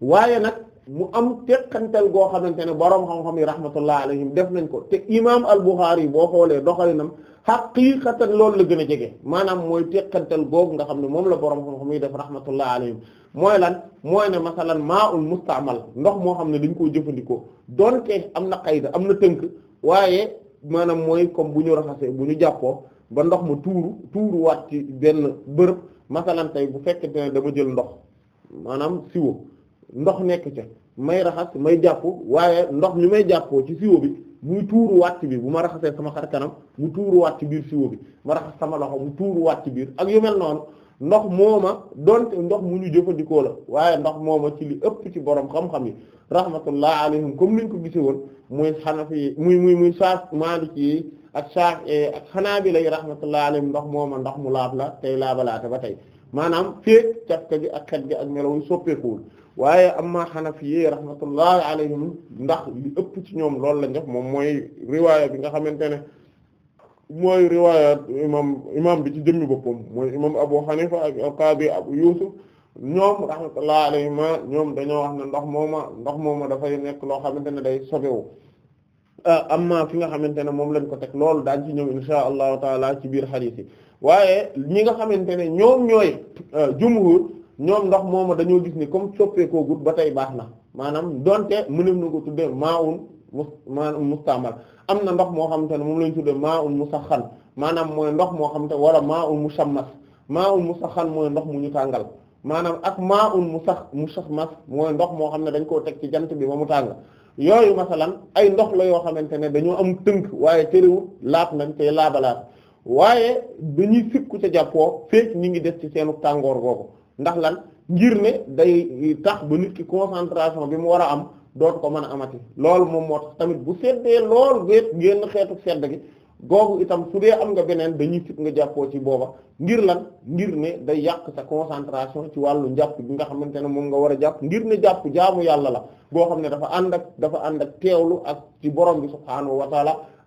waaye nag. mu am teqantal goo xamante ne boroom xam-xam yi rahmatullah alayhim def nañ ko te imaam al-Bukhari boo xoolee doxalinam xaqiiqatan loolu la gën a jege maanaam mooy teqantal googu nga xam ne moom la boroom xam-xam yi def rahmatullah alayhim mooy lan mooy ne masalan maa'ul ndox moo xam ne dañ koo jëfandikoo donte am na xayda am na tënk waaye maanaam mooy comme bu ñu raxasee bu ñu jàppoo ba ndox ma tuuru tuuruwaat ci benn bërëb masalan tey bu fekkente ne dama jël ndox maanaam siwo ndox nekk ca may raxas may jàpp waaye ndox mi may jàppoo ci siwo bi muy tuuruwaat ci biir bu ma raxasee sama xar kanam mu tuuruwaat ci biir siwo bi ma raxas sama loxo mu tuuruwaat ci biir ak yu mel noonu ndox mooma donte ndox mu ñu jëfandikoo la waaye ndox mooma ci li ëpp ci borom xam-xam yi rahmatullah alayhim comme niñ ko gisee woon muy xanafi muy muy muy saa maaliki yi ak saa ak xanaa bi lay rahmatullah alayhim ndox mooma ndox mu laab la tey laabalaate ba tey. maanaam féeg cafka gi ak xet gi ak melaw yi soppeekuwul waaye amma xanafi rahmatullahi alayhim ndax li ëpp ci ñoom loolu lañ def moom mooy riwaaya bi nga xamante ne mooy riwaaya imam imam bi ci jëmmi boppam mooy imam Abu Hanifa ak al-Qadi Abu Yusuf ñoom rahmatullahi alayhima ñoom dañoo wax ne ndox moom ndox mooma dafay nekk loo xamante ne day sobewu ah, amma fi nga xamante ne moom lañ ko teg lool daa ci ñëw insha allahu taala ci biir xadiis waaye ñi nga xamante ne ñoom ñooy euh, jumhur ñoom ndox mooma dañoo gis ni comme soppeekoo gut ba tey baax na maanaam donte mëneem na ko tuddee maa'un mus maanaam mustamal am na ndox moo xamante ne moom lañ tuddee maa'un musaxxan maanaam mooy ndox moo xamante wala maa'un musammas maa'un musaxxan mooy ndox mu ñu tàngal maanaam ak maa'un musammas mooy ndox moo xam ne dañ koo teg ci jant bi ba mu tàng yooyu masalan ay ndox la yoo xamante ne dañoo am tënk waaye terewul laat nañ te laabalaat. waaye dañuy sikku ca jàppoo fekk ñi ngi def ci seenu tàngoor googu ndax lan ngir ne day tax ba nit ki concentration bi mu war a am dootu ko mën a amati loolu moom moo tax tamit bu seddee lool wéet génn xeetu sedd gi googu itam su dee am nga beneen dañuy sit nga jàppoo ci booba ngir lan ngir ne day yàq sa concentration ci wàllu njàpp bi nga xamante ne moom nga war a jàpp ngir ne jàpp jaamu yàlla la boo xam ne dafa ànd ak dafa ànd ak teewlu ak ci borom bi subhaanahu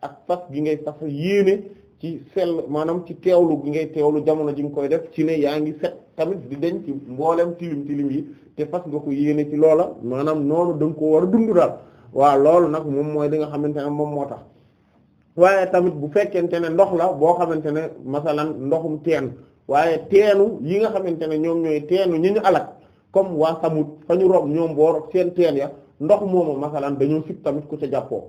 ak fas gi ngay fas yéene ci sell maanaam ci teewlu gi ngay teewlu jamono ji nga koy def ci ne yaa ngi set tamit di deñ ci mboolem tilim tilim yi te fas nga ko yéene ci loola maanaam noonu da nga ko war a dund daal waaw loolu nag moom mooy li nga xamante ne moom moo tax waaye tamit bu fekkente ne ndox la boo xamante ne masalan ndoxum teen waaye teenu yi nga xamante ne ñoom ñooy teenu ñi ñu alak comme waa samut fa ñu rob ñoom boo rob seen teen ya ndox moomu masalan dañoo sib tamit ku ca jàppoo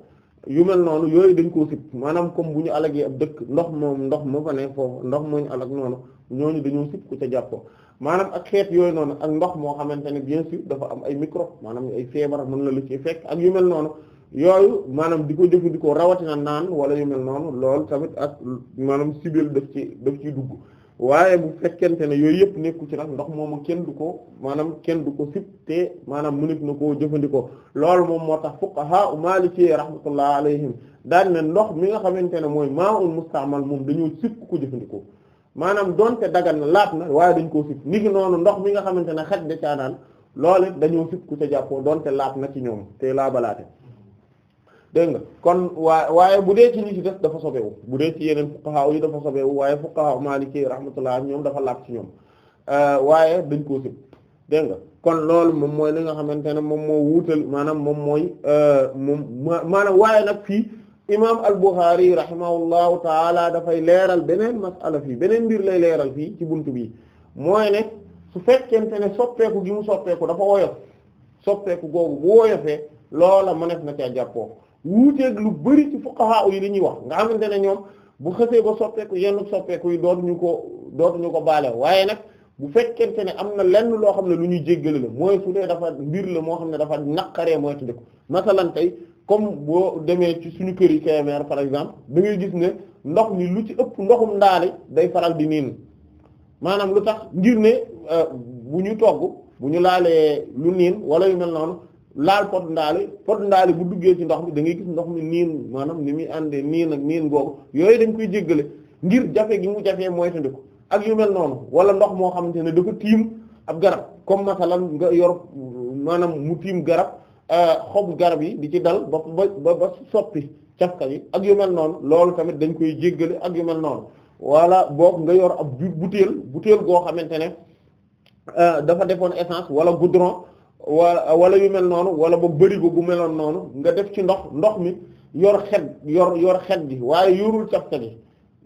yu mel noonu yooyu dañ koo sit maanaam comme bu ñu alagee ab dëkk ndox moom ndox moo fa ne foofu ndox moo ñu alag noonu ñooñu dañoo sib ku ca jàppoo maanaam ak xeet yooyu noonu ak ndox moo xamante ne bien sûr dafa am ay microbe maanaam ay feebar mën na la ci fekk ak yu mel noonu yooyu maanaam di ko jëfandikoo rawatina naan wala yu noonu lool tamit ak maanaam sibel daf ci daf ciy dugg waaye bu fekkente ne yooyu yëpp nekku ci nag ndox moomu kenn du ko maanaam kenn du ko sib te maanaam mu mënit na koo jëfandikoo loolu moom moo tax maa fuqaha maliki rahmatullah alayhim daan ne ndox mi nga xamante ne mooy ma'un musta'mal moom dañoo sib ku ko jëfandikoo maanaam donte dagal na laat na waaye dañ koo sib ni ngi noonu ndox mi nga xamante ne xaj da caanaan loolu dañoo sib ku ca jàppoo donte laat na ci ñoom te laa balaate dégg nga kon waa waaye bu dee ci ñi ci def dafa sobewu bu dee ci yeneen fuqaha yi dafa sobewu waaye fuqaha maliki rahmatullah ñoom dafa laab ci ñoom euh, waaye dañ koo sib dégg nga kon loolu moom mooy li nga xamante ne moom moo wuutal maanaam moom mooy euh, moom maanaam waaye nag fii imam al-Bukhari rahimahullahu taala dafay leeral beneen masala fii beneen mbir lay leeral fii ci bunt bi mooy ne su fekkente ne soppeeku gi mu soppeeku dafa woyof soppeeku bu woyofee loola mënees na caa jàppoo wuuteeg lu bari ci fuqaha yi li ñuy wax nga xamante ne ñoom bu xësee ba soppeeku yenn soppeeku yi dootuñu ko dootuñu ko baale waaye nag bu fekkente ne am na lenn loo xam ne lu ñuy jéggale la mooy su dee dafa mbir la moo xam ne dafa naqaree mooy tudd ko masalan tey comme boo demee ci suñu kër yi KMR par exemple da ngay gis ne ndox mi lu ci ëpp ndoxum ndaale day faral di niin maanaam lu tax ngir ne euh, bu ñu togg bu ñu laalee lu niin wala yu mel noonu laal pot ndaali pot ndaali bu duggee ci ndox mi da ngay gis ndox mi niin maanaam ni muy àndee niin ak niin googu yooyu dañ koy jéggale ngir jafe gi mu jafee mooy te ko ak yu noonu wala ndox moo xamante ne dafa tiim ab garab comme masalan nga yor maanaam mu tiim garab euh, xobu garab yi di ci dal ba ba soppi cafka ak yu mel loolu tamit dañ koy jéggale ak yu mel noonu wala boog nga yor ab butéel butéel goo xamante ne euh, dafa defoon essence wala goudron wa wala yu mel noonu wala ba bërigo gu meloon noonu nga def ci ndox ndox mi yor xet yor yor xet gi waaye yorul cafka gi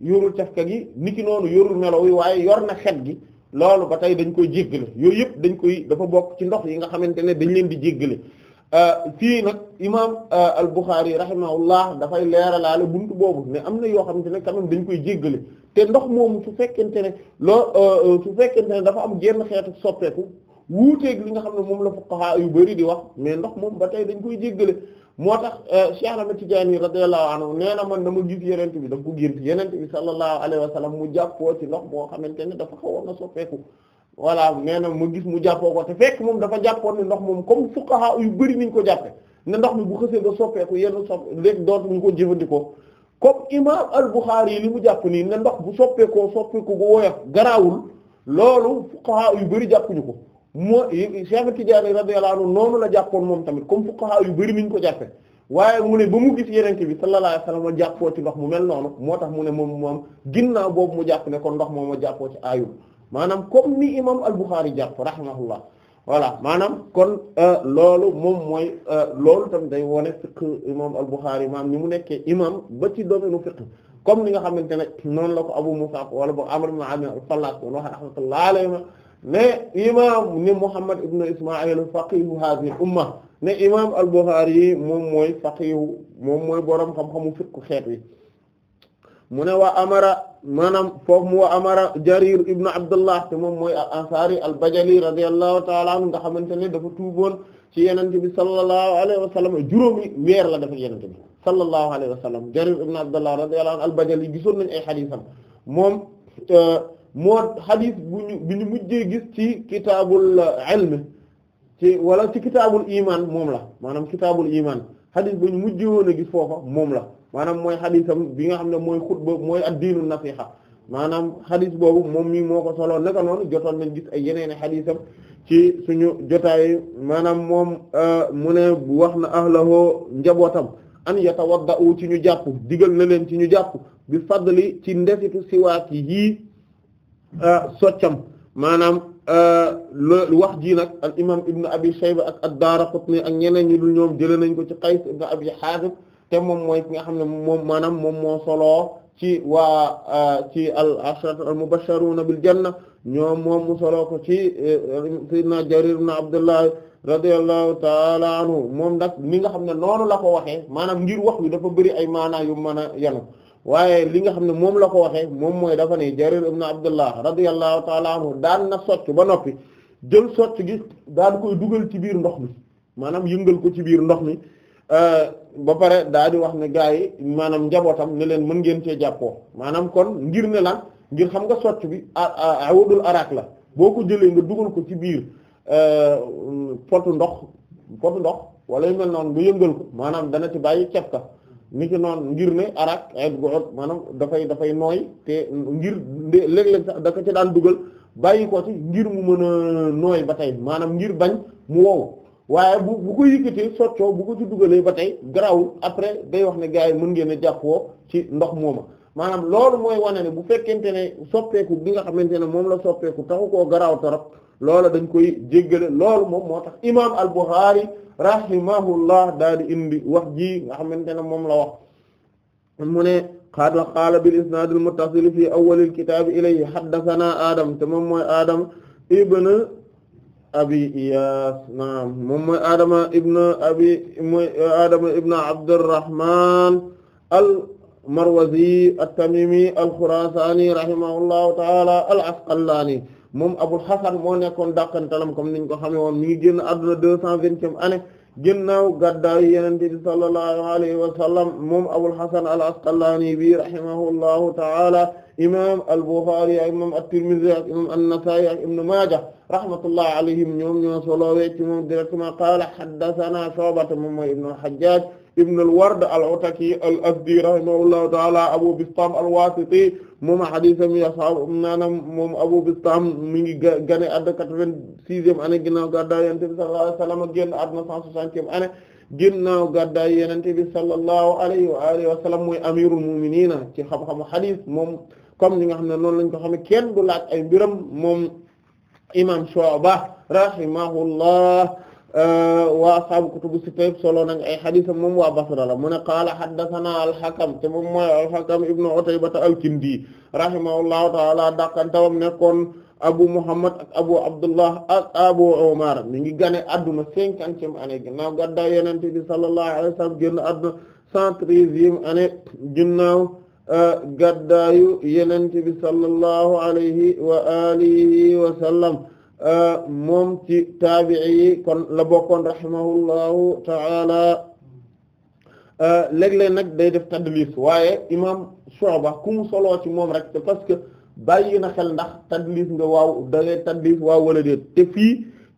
yorul cafka gi ki noonu yorul melo yi waaye yor na xet gi loolu ba tey dañ koy jéggale yooyu yëpp dañ koy dafa bokk ci ndox yi nga xamante ne dañ leen di jéggale euh, fii nag imaam euh, al-Bukhari rahimahullah dafay leeralaale bunt boobu ne am na yoo xam ne quand même dañ koy jéggale te ndox moomu su fekkente ne loo euh, su fekkente ne dafa am genn xeetu soppeeku wuuteeg li nga xam ne moom la fuqaha yu bari di wax mais ndox moom ba tey dañ koy jéggale moo tax euh, Cheikh Ahmad Tidiane radiyallahu anhu nee na man dama gis yenent bi daf ko gént yenent bi sallallahu alayhi wa sallam mu jàppoo ci ndox boo xamante ne dafa na soppeeku voilà nee na ma gis mu jàppoo ko te fekk moom dafa jàppoon ne ndox moom comme fuqaha yu bari niñ ko jàppe ne ndox mi bu xësee ba soppeeku yenn sopp léegi dootuñu ko jëfandikoo comme imam al-Bukhari yi li mu jàpp nii ne ndox bu soppeekoo soppeeku bu woyof garaawul loolu fuqaha yu bari jàppuñu ko moo Cheikh Tidiane radiyallahu anhu noonu la jàppoon moom tamit comme fuqaha yu bari niñ ko jàppe waaye mu ne ba mu gis yenente bi sallallahu alayhi wasallam ma jàppoo ci ndox mu mel noonu moo tax mu ne moom moom ginnaaw boobu mu jàpp ne kon ndox moom ma jàppoo ci ayub maanaam comme ni imam al-Bukhari jàpp rahimahullah voilà maanaam kon euh, loolu moom mooy euh, loolu tamit day wone fiqh imam al-Bukhari maanaam ni mu nekkee imam ba ci domaine fiqh comme ni nga xamante ne noonu la ko Abu Mus'ab wala bo Amr ibn Amir al-Fallas wala rahmatullahi ne imam ni Muhammad ibn Isma'il faqihu hadhihi umma ne imam al-Bukhari moom mooy faqihu moom mooy boroom xam-xamu fiqh xeet wi mu ne waa amara maanaam foofu mu wa amara Jarir ibn Abdullah te moom mooy al-Ansari al-Bajali radiyallahu ta'ala anhu nga xamante ne dafa tuuboon ci yenente bi sallallahu alayhi wa sallam juróomi weer la dafa yenente bi sallallahu alayhi wa sallam Jarir ibn Abdullah radiyallahu anhu al-Bajali gisoon nañu ay xadiisam moom euh, moo xadis bu ñu ñu mujjee gis ci kitaabul ilm ci wala ci kitaabul iman moom la maanaam kitaabul imaan xadis bu ñu mujjee woon a gis foofa moom la maanaam mooy xadisam bi nga xam ne mooy xutba mooy addiinu nasiha maanaam xadis boobu moom mii moo ko solo naka noonu jotoon nañ gis ay yeneen xadisam ci suñu jotaay maanaam moom euh, mu ne wax na ahlahoo njabootam an yatawadda'u ci ñu jàpp digal na leen ci ñu jàpp bi fadli ci ndefitu siwaat yi Euh, soccam maanaam euh, l wax ji nag al imam ibnu abi shayba ak ad-Daaraqutni ak ñeneen ñi lu ñoom jëlee nañ ko ci Qays ibnu abi Haazim te moom ki nga xam ne moom maanaam moom moo soloo ci waa euh, ci al ashratu al mubashsharuna bil janna ñoom moom mu soloo ko ci sayyidina Jarir ibn Abdullah radiyallahu taala anhu moom nag ni nga xam ne noonu la ko waxee maanaam ngir wax wi dafa bëri ay maanaa yu mën a yanu waaye li nga xam ne moom la ko waxee moom mooy dafa ne Jarir ibn Abdullah radiyallahu ta'ala anhu daan na sotti ba noppi jël sotti gi daal di koy dugal ci biir ndox mi maanaam yëngal ko ci biir ndox mi euh, ba pare daal wax ne gaa yi maanaam njabootam ne leen mën ngeen cee jàppoo maanaam kon ngir ne la ngir xam nga sotti bi awudul la boo ko jëlee nga dugal ko ci biir euh, potu ndox potu ndox wala yu mel noonu nga yëngal ko maanaam dana ci bàyyi ceeb ka ni ki noonu ngir ne arak ay eh, goot maanaam dafay dafay nooy te ngir léeg-léeg sax da ko ci daan dugal bàyyi ko ci ngir mu mën a nooy ba tey maanaam ngir bañ mu wow waaye bu bu ko yëkkatee soccoo bu ko ci dugalee ba tey garawul après day wax ne gars yi mën ngeen a jàppoo ci ndox mooma maanaam loolu mooy wane ne bu fekkente ne soppeeku bi nga xamante ne moom la soppeeku taxu koo garaaw torop loola dañ koy jéggale loolu moom moo tax imaam al-Bukhari rahimahullah daal di indi wax ji nga xamante ne moom la wax mu ne qaala qaala bil isnaad al muttasil fi awwal al kitaab ilayhi haddathana Adam te moom mooy Adam ibn Abi Iyaas naam moom mooy Adama ibn Abi mooy Adama ibn Abdurrahman al. marwazi at-tamimi al-khurasani rahimahullahu taala al-asqalani moom abul hasan moo nekkoon dàqantalam comme niñ ko xame woon mi ngi génn àdduna deux cent vingtième année ginnaaw gàddaayu yonent bi sallallahu alayhi wa sallam moom abul hasan al-asqalani bi rahimahullahu taala imam al-Bukhari ak imam at-Tirmidhi ak imam an-Nasa'i ak ibn Majah rahmatullahi alayhim ñoom ñoo solowee ci moom directement qaala haddathana Shu'ba moom mooy ibn al-Hajjaj ibn al-Ward al-Ataki al-Azdi rahimahullahu ta'ala Abu Bistam al-Wasiti moom hadiisam yi ashaabu naanam moom Abu Bistam mi ngi gane àdduna quatre-vingt-sixième année ginnaaw gàddaay Yonent bi sallallahu alayhi wa sallam génn àdduna cent soixantième année ginnaaw gàddaay Yonent bi sallallahu alayhi wa alihi wa sallam mooy amirul mu'minin ci xam-xamu hadiis moom comme ñi nga xam ne noonu lañ ko xam ne kenn du laaj ay mbiram moom imam Shu'ba rahimahullah Euh, waa ashaabu kutubu sitta solo nañ ay xadiisam moom waa Basra la qaala haddasanaa al-Hakam te moom mooy al-Hakam ibnu Utaybata al-Kindi rahimahullahu ta'ala dàqantawam nekkoon Abu Muhammad Abu Abdullah Abu Umar mi ngi gane adduna cinquantième année ginnaaw gàddaay Yonent bi sallallahu alayhi wa sallam euh, wa sallam Euh, moom ci taabi'i yi kon la bokkoon rahimahullahu ta'ala euh, léeg-léeg nag day def tadlis waaye imam Shu'ba ku mu ci moom rek parce que bàyyi na xel ndax tadlis waaw da ngay waaw wala déet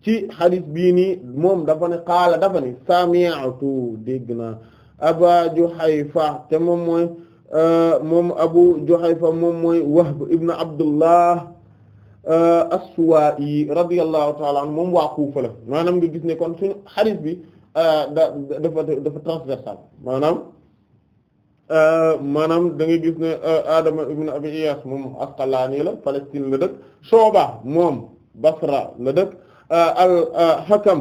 ci xadis bii nii moom dafa ne qaala dafa ne sami'tu dégg naa Aba Juhayfa te moom mooy euh, moom Abu Juhayfa moom mooy Wahb ibn Abdullah Euh, as-Suwaa'i radiyallahu ta'ala anhu moom waa Kuufa la maanaam nga gis ne kon suñu xadis bi euh, da dafa dafa transversal maanaam euh, maanaam da ngay gis ne Adama ibn Abi Iyaas moom Asqalaani la Palestine la dëkk Shu'ba moom Basra la dëkk al-Hakam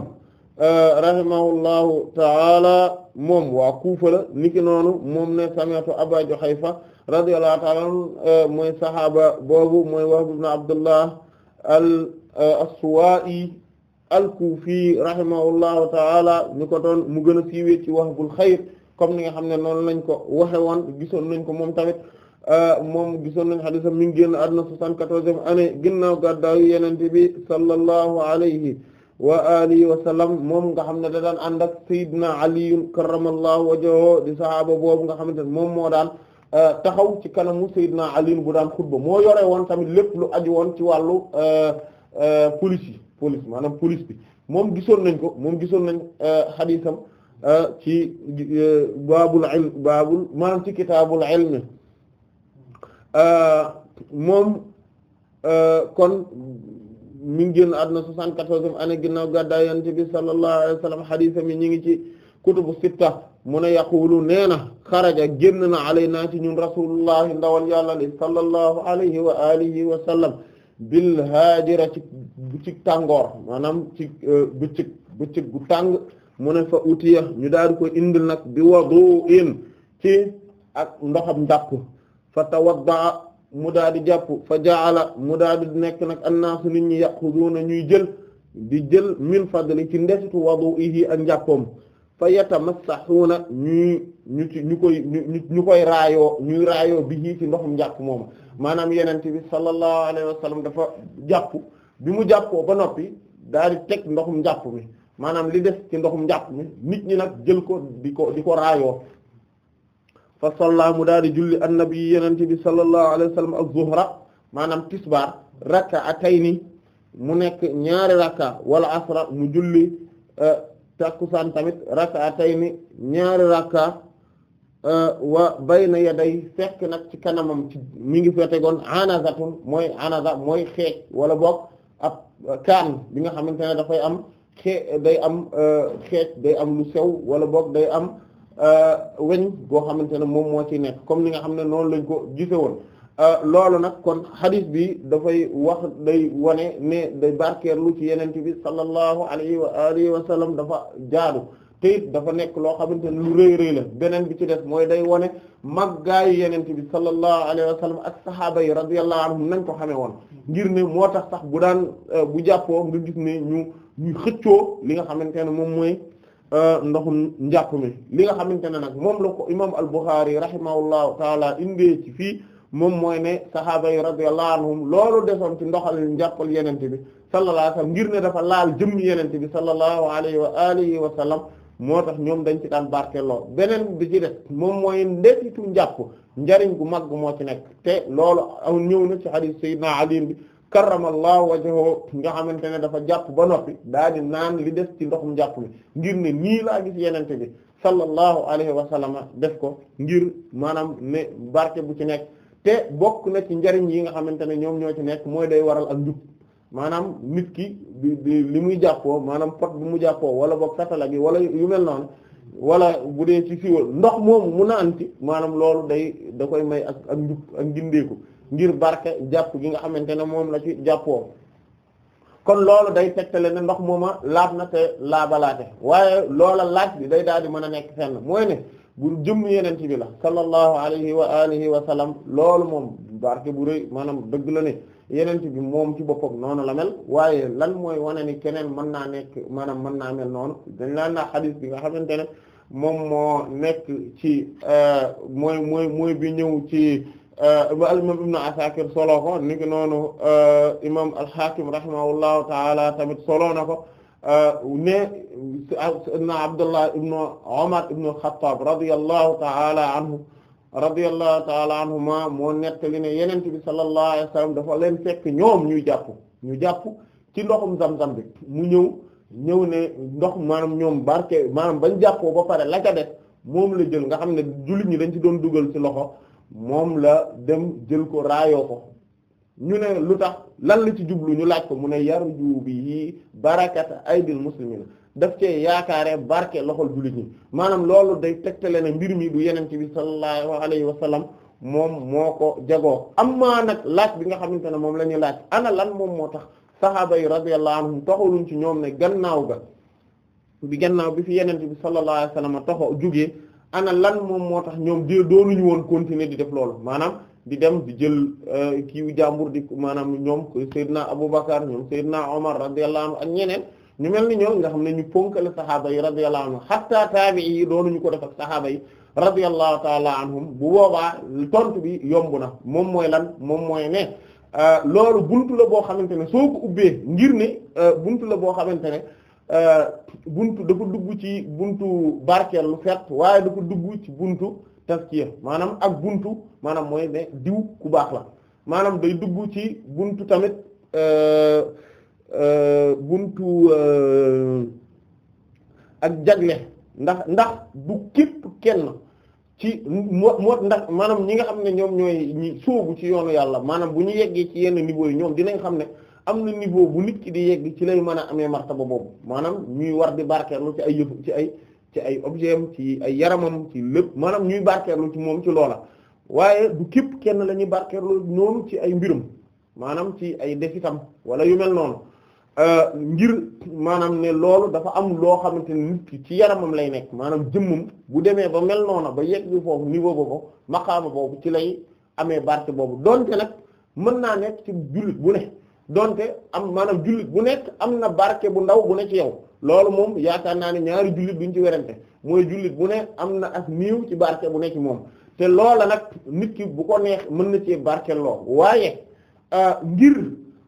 Euh, rahimahullahu taala moom waa Kuufa la niki noonu moom ne sami'tu Aba Juhayfa radiyallahu taala anhu euh, mooy saxaaba boobu mooy Wahb ibn Abdullah al euh, as-Suwa'i al-Kufi rahimahullahu taala ñu ko doon mu gën a siiwee ci Wahbul Xayr comme ni nga xam ne noonu lañ ko waxe woon gisoon nañ ko moom tamit moom gisoon nañ xadisam mi ngi génn àdduna 74e année ginnaaw gàddaayu Yonent bi sallallahu alayhi wa alihi wa sallam moom nga xam ne da daan ànd ak Seydina Ali karramallahu wajhahu di sahaaba boobu nga xamante ne moom moo daan euh, taxaw ci kanamu Seydina Ali bu daan xutba moo yore woon tamit lépp lu aju woon ci wàllu euh, euh, police yi police maanaam police bi moom gisoon nañ ko moom gisoon nañ xadiisam ci baabul ilm baabul maanaam ci kitaabul ilm moom kon mi ngi génn àdduna soixante-quatorzième année ginnaaw gàddaay yonent bi sallallahu alayhi wa sallam xadiisam yi ñu ngi ci kutubu sitta mu ne yaqulu nee na xaraja génn na alaynaa ci ñun rasulullahi ndawal yàlla li sallallahu alayhi wa alihi wa sallam bil haajira ci ci tàngoor maanaam ci euh, bëccëg bëccëg gu tàng mu ne fa utiya ñu daal di ko indil nag bi wudu'in ci ak ndoxam njàpp fa tawadda mu daa di jàpp fa jaala mu daa di nekk nag annaasu nit ñi na ñuy jël di jël min fadli ci ndesitu wudu'ihi ak njàppoom fa yatamassahuuna ñuy ñu ci ñu koy ñu ñu koy raayo ñuy raayo bi ci ndoxum njàpp moom maanaam yenente bi sallallahu alayhi wa dafa jàpp bi mu jàppoo ba noppi daal di teg ndoxum njàpp mi maanaam li des ci ndoxum njàpp mi nit ñi nag jël ko di ko di ko raayoo fa salla mu daal di julli annabi yenente bi sallallahu alayhi wa sallam az-zuhra maanaam tisbaar rak'atayni mu nekk ñaari rakka wala asra mu julli e, takkusaan tamit rak'atayni ñaari rakka e, wa bayna yaday fekk nag ci kanamam ci mi ngi feetegoon anazatun mooy anaza mooy xeej wala boog ab kaan bi nga xamante ne dafay am xee day am e, xeej day am lu sew wala boog day am Euh, weñ goo xamante ne moom moo ci nekk comme li nga xam ne noonu lañ ko gise woon euh, loolu nag kon xadis bi dafay wax day wane ne day barkeerlu ci yeneen bi sallallahu alayhi wa alihi wa dafa jaadu te dafa nekk loo xamante ne lu rëy rëy beneen bi ci def mooy day wane màggaayu yeneen bi sallallahu alayhi wa sallam ak saxaaba yi radiyallahu anhum nañ ko xamee woon ngir ne moo tax sax bu daan euh, bu jàppoo nga gis ne ñu xëccoo li nga xamante ne moom mooy Euh, ndoxum njàpp mi li nga xamante ne nag moom la ko imam al-Bukhari rahimahullahu taala indee fii moom mooy ne sahaaba yi radiyallahu anhum loolo desoon ci ndoxal njàppal yenente bi sallallahu alayhi wa sallam ngir ne dafa laal jëmm yenente bi sallallahu alayhi wa alihi wa sallam moo tax ñoom dañ ci barke barkeeloo beneen bi ci des moom mooy ndetitu njàpp njariñ gu mag moo ci nekk te loolo aw ñëw na ci hadith sayyidina Ali bi karramallahu wajhahu nga xamante ne dafa jàpp ba noppi daa di naan li def ci ndoxum jàpp mi ngir ne nii laa gis yenente bi sallallahu alayhi wa sallam def ko ngir maanaam ne barke bu ci nekk te bokk na ci njariñ yi nga xamante ne ñoom ñoo ci nekk mooy day waral ak njub maanaam nit ki li muy jàppoo maanaam pot bu mu jàppoo wala boog satala gi wala yu mel noonu wala bu dee ci siiwal ndox moomu mu naan ci maanaam loolu day da koy may ak ak njub ak ngindeeku ngir barke jàpp gi nga xamante ne moom la ci jàppoo kon loolu day tegtale ne ndox mooma laab na te laabalaate waaye loola laaj bi day daal di mën a nekk fenn mooy ne bu jëm yeneen bi la sallallahu alayhi wa alihi wa sallam loolu moom barke bu rëy maanaam dëgg la ne yeneen ci bi moom ci boppam noonu la mel waaye lan mooy wane ni keneen mën naa nekk maanaam mën naa mel noonu dañ laan na xadis bi nga xamante ne moom moo nekk ci euh, mooy mooy mooy bi ñëw ci Euh, al-imam Ibn Asakir solo ko niki noonu euh, imam al-Hakim rahimahullahu ta'ala tamit solo na ko euh, ne Seydina Abdullah ibn Umar ibn al-Khattab radiyallahu ta'ala anhu radiyallahu ta'ala anhuma moo nettali ne Yonent bi sallallahu alayhi wasallam dafa leen fekk ñoom ñuy jàpp ñu jàpp ci ndoxum Zamzam bi mu ñëw ñëw ne ndox maanaam ñoom barke maanaam bañ jàppoo ba pare la ca moom la jël nga xam ne jullit ñi dañ ci doon dugal ci loxo moom la dem jël ko raayoo ko ñu ne lu tax lan la ci jublu ñu laaj ko mu ne yarju yi barakata aydil muslimin def cee yaakaare barke loxol jullit ñi maanaam loolu day tegtale ne mbir mi du yenente bi sallallahu alayhi wa sallam moom moo ko jagoo amaa nag laaj bi nga xamante ne moom la laaj ana lan moom moo tax sahaaba yi radiyallahu anhum taxaluñ ci ñoom ne gannaaw ga bi gannaaw bi fi yenente bi sallallahu alayhi wa sallam taxaw jugee ana lan moom moo tax ñoom di doonuñu woon continuer di def loolu maanaam di dem di jël euh, kiiwu jàmbur di maanaam ñoom Seydina Aboubacar ñoom Seydina Omar radiyallahu anhu ak ñeneen ñu mel ni ñoom nga xam ne ñu ponkale saxaaba yi radiyallahu anhu hatta taabi'i yi doonuñu ko def ak saxaaba yi radiyallahu ta'ala bu boobaa tontu bi yomb na moom mooy lan moom mooy ne euh, loolu buntu la boo xamante ne soo ko ubbee ngir ne euh, buntu la boo xamante ne. Euh, buntu dafa dugg ci buntu barkeelu fet waaye dafa dugg ci buntu taskiya maanaam ak buntu maanaam mooy ne diw ku baax la maanaam day duggu ci buntu tamit euh, euh, buntu ak jagle ndax ndax du képp kenn ci moo moo ndax maanaam ñi nga xam ne ñoom ñooy ñi sóobu ci yoonu yàlla maanaam bu ñu yeggee ci yenn niveau yi ñoom dinañ xam ne am na niveau bu nit ki di yegg ci lay mën a amee martaba boobu maanaam ñuy war di barkeelu ci ay yëfu ci ay ci ay objet am ci ay yaramam ci lépp maanaam ñuy barkeelu ci moom ci loola waaye du képp kenn la ñuy barkeelu noonu ci ay mbiram maanaam ci ay defitam wala yu mel noonu euh, ngir maanaam ne loolu dafa am loo xamante ne nit ki ci yaramam lay nekk maanaam jëmmam bu demee ba mel noona ba yegg foofu niveau boobu maqaama boobu ci lay amee barke boobu donte naa nekk ci jullit bu ne donte am maanaam jullit bu nekk am na barke bu ndaw bu ne ci yow loolu moom yaakaar naa ne ñaari jullit duñ ci werante mooy jullit bu ne am na ak niiw ci barke bu nekk moom te loola nag nit ki bu ko neex mën na cee barke lool waaye euh, ngir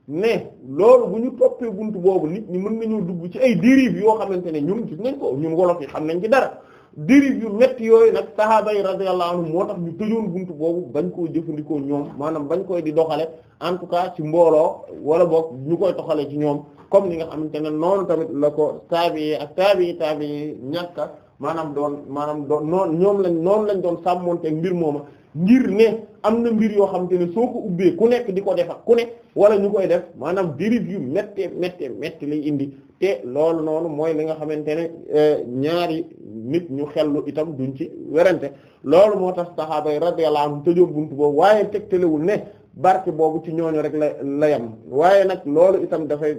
ne loolu bu ñu toppee bunt boobu nit ñi mën nañoo dugg ci ay dérives yoo xamante ne ñun gis nañ ko ñun wolof yi xam nañ ci dara dérive yu métti yooyu nag sahaaba yu radiyallahu anhum moo tax ñu tëjoon buntu boobu bañ koo jëfandikoo ñoom maanaam bañ koy di doxale en tout cas ci mbooloo wala boog ñu koy doxale ci ñoom comme ni nga xamante ne noonu tamit la ko taabi ak taabi taabi ñàkka maanaam doon maanaam doon noonu ñoom lañ noonu lañ doon sàmmonteeg mbir mooma ngir ne am na mbir yoo xamante ne soo ko ubbee ku nekk di ko def ku ne wala ñu koy def maanaam dérive yu méttee méttee métti lay indi te loolu noonu mooy li nga xamante ne eh, ñaari nit ñu xellu itam duñ ci werante loolu moo tax saxaaba yi radiyallahu anhum tëjoon buntu boobu waaye teg telewul ne barke boobu ci ñooñu rek la la yem waaye nag loolu itam dafay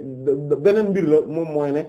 beneen mbir la moom mooy ne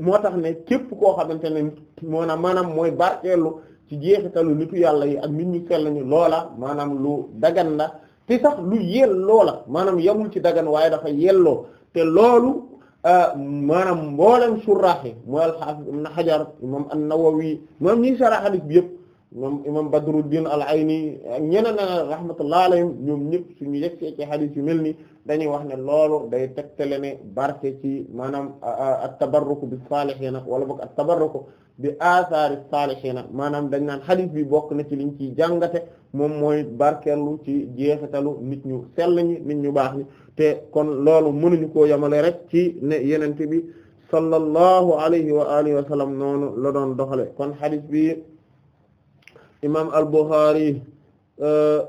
moo tax ne képp koo xamante ne moo maanaam mooy barkeelu ci jeexitalu nitu yàlla yi ak nit ñu sell ñu loola maanaam lu dagan la te tax lu yelloo loola maanaam yemul ci dagan waaye dafa yelloo te loolu Ah, maanaam mboolem surraax yi mooy al-Hafiz ibn Hajar imam an-Nawawi moom ñi sarah hadith bi yëpp moom imam Badruddin al-Ayni ak ñeneen a rahmatullah alayhim ñoom ñëpp suñu yeggee ci hadith yu mel ni dañuy wax ne loolu day tegtale ne barke ci maanaam ah, ah, at-tabarruk bi saalihiina wala bokk at-tabarruk bi asaari saalihiina maanaam dañ naan hadith bi bokk na ci li liñ ciy jàngate moom mooy barkeelu ci jeexitalu nit ñu sell ñi nit ñu baax ñi te kon loolu mënuñu ko yemale rek ci ne yenente bi sallallahu alayhi wa alihi wa sallam noonu la doon doxale kon xadis bi imam al-Bukhari euh,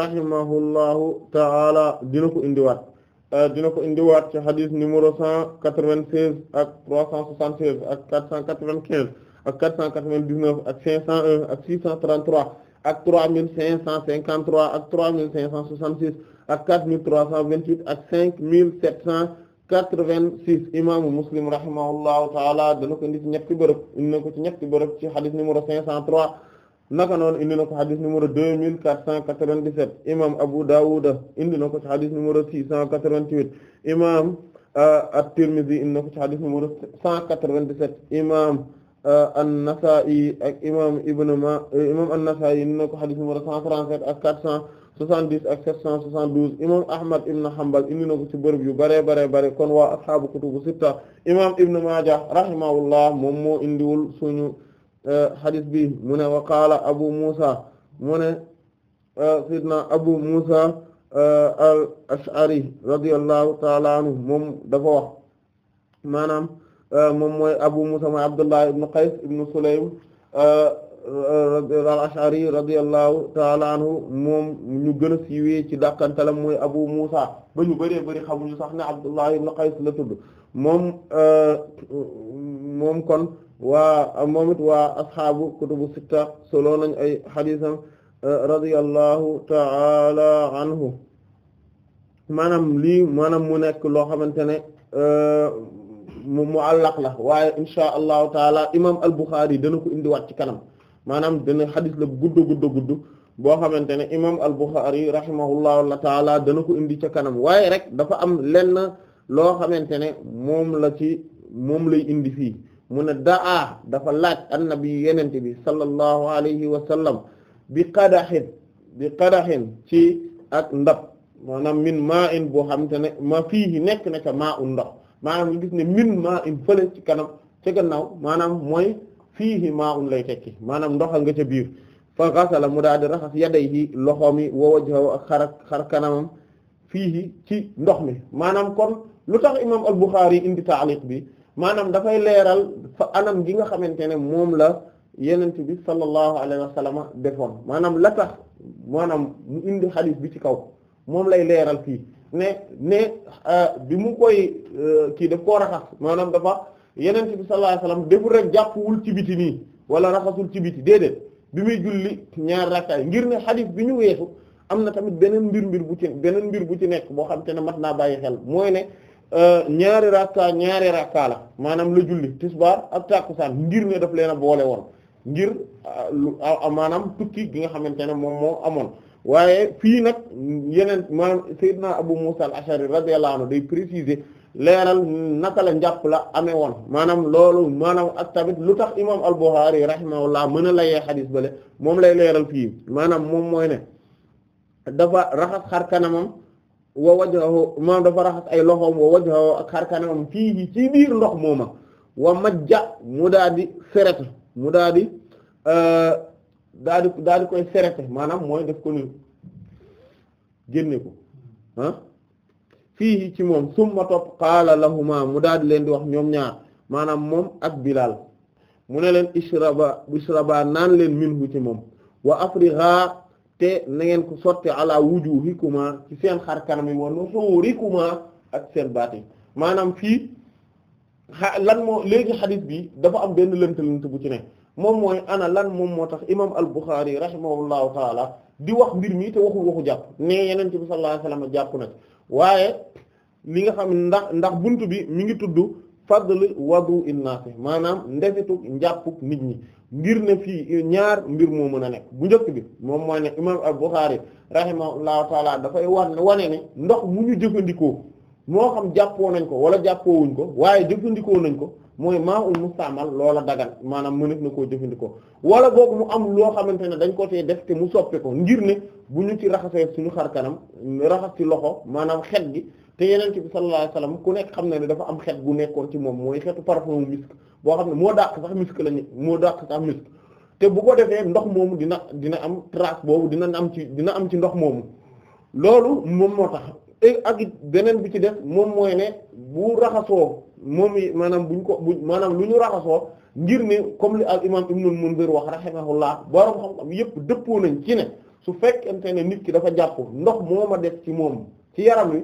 rahimahullahu ta'ala dina ko indiwaat euh, dina ko indiwaat ci xadis numéro cent quatre-vingt-seize ak trois cent soixante-seize ak quatre cent quatre-vingt-quinze ak quatre cent quatre-vingt-dix-neuf ak cinq cent un ak six cent trente-trois ak trois mille cinq cent cinquante-trois ak trois mille cinq cent soixante ak 4328 ak 5786 imaamu muslim rahimahullahu taala dana ko indi ci ñetti bërëb indi na ci ñetti bërëb ci xadis numéro 503 naka noonu indi na ko xadis numéro 2497 imaam Abu Dawuda indi na ko ci xadis numéro 688 imaam uh, at-Tirmidhi indi na ko ci xadis numéro 197 imaam uh, an-Nasa'i ak imaam Ibn Ma imaam an-Nasa'i indi na ko xadis numéro a ak 400. 70 ak 772 imam Ahmad ibn Hanbal indi na ko ci bërëb yu bare bare bare kon wa ashaabu kutubu sitta imam Ibn Maaja rahimahullah moom moo indiwul suñu euh, hadith bi mu ne wa qaala Abu Musa mu euh, sidna Abu Musa euh, al-Ash'ari radiyallahu ta'ala anhu moom dafa wax maanaam moom mooy Abu Musa mooy Abdullah ibn Qays ibn Sulaym al-Ash'ari radiyallahu ta'ala anhu moom ñu gën a siiwee ci dàkkantalam mooy Abu Musa ba ñu baree bëri xamuñu sax ne Abdullah ibn Qays la tudd moom moom kon waa moom it waa asxaabu kutubu sitta solo nañ ay xadiisam radiyallahu ta'ala anhu maanaam lii maanaam mu nekk loo xamante ne mu muallaq la waaye insha allahu taala imaam al-Bukhari dana ko indiwaat ci kanam. maanaam dana xadis la gudd gudd boo xamante ne imam al-Bukhari rahimahullahu taala dana ko indi ca kanam waaye rek dafa am lenn loo xamante ne moom la ci moom lay indi fii mu ne daa dafa laaj annabi yenente bi sallallahu alayhi wa sallam bi qadahin bi qadahin ci ak ndab maanaam min maa in boo xamante ne ma fii nekk na ca maa un ndox maanaam ñu gis ne min maa in fële ci kanam ca gannaaw maanaam mooy fii fiihi maa'un lay tekki maanaam ndox a nga ca biir fa ghasala mu daal di raxas yadayhi loxoom yi wa wajhahu ak xar xar kanamam fiihi ci ndox mi maanaam kon lu tax imaam al-Bukhari indi taaliq bi maanaam dafay leeral fa anam gi nga xamante ne moom la yenent bi sallallahu alayhi wa defoon maanaam la tax maanaam mu indi xadiis bi ci kaw moom lay leeral fii ne ne euh, bi mu koy euh, kii def koo raxas maanaam dafa yeneen bi sallallahu alayhi wasallam deful rek jàppuwul ci biti nii wala raxasul ci biti déedéet bi muy julli ñaar rakkaay ngir ne xadis bi ñu weesu am na tamit beneen mbir mbir bu ci beneen mbir bu ci nekk boo xam te ne mat naa bàyyi xel mooy ne euh, ñaari rakka ñaari rakka maanaam la julli tisbaar ak tàkkusaan ngir ne daf leen a boole woon ngir euh, maanaam tukki gi nga xamante ne moom moo amoon waaye fii nag yeneen maanaam Seydina Abu Musa al-Ash'ari radiyallahu anhu day préciser leeral naka la njàpp la amee woon maanaam loolu maanaam ak tamit lu tax imaam al-Bukhari rahimahullah mën a layee xadis bale moom lay leeral fii maanaam moom mooy ne dafa raxas xar kanamam wa wajhahu maanaam dafa raxas ay loxoom wa wajhahu ak xar fii ci biir ndox mooma wa majja mu daa di mu daa di euh, daa koy serete maanaam mooy def ko génne ko ah. fii ci moom summa topp qaala lahuma mu daal di leen di wax ñoom ñaar maanaam moom ak bilaal mu ne leen ishraba ishraba naan leen minhu ci moom wa afrigha te na ngeen ko sotti ala wujuhikuma ci seen xar kanam yi woon ak seen baat yi maanaam fii lan moo léegi xadis bi dafa am benn lënt-lënt bu ci ne moom mooy ana lan moom moo tax imam al-Bukhari rahimahullahu taala di wax mbir mi te waxul waxu jàpp ne yeneen bi sallallahu alayhi wasallam jàpp na waaye li nga xam ndax ndax buntu bi mi ngi tudd fadl wadu innaasi maanaam ndefitu njàppu nit ñi ngir ne fii ñaar mbir moo mën a nekk bu njëkk bi moom mooy ne imam al-Bukhari rahimahullahu taala dafay war ne wane ne ndox mu ñu jëfandikoo moo xam jàppoo nañ ko wala jàppoowuñ ko waaye jëfandikoo nañ ko mooy maa ul mustaamal loola dagan maanaam mënef na koo jëfandikoo wala boog mu am loo xamante ne dañ ko tee def te mu soppi ko ngir ne bu ñu ci raxasee suñu xar kanam raxas ci loxo maanaam xet gi te yeneen bi sallallahu alayhi ku nekk xam na ne dafa am xet bu nekkoon ci moom mooy xetu parfum misk boo xam ne moo dàq sax misk lañu moo dàq sax misk te bu ko defee ndox moomu dina dina am trace boobu dina am ci dina am ci ndox moomu loolu moom moo tax ak beneen bi ci def moom mooy ne bu raxasoo moom yi maanaam buñ ko buñ maanaam lu ñu raxasoo ngir ne comme li al imam ibnul Munzir wax rahimahullah borom xam-xam yépp dëppoo nañ ci ne su fekkente ne nit ki dafa jàpp ndox moo ma def ci moom ci yaram wi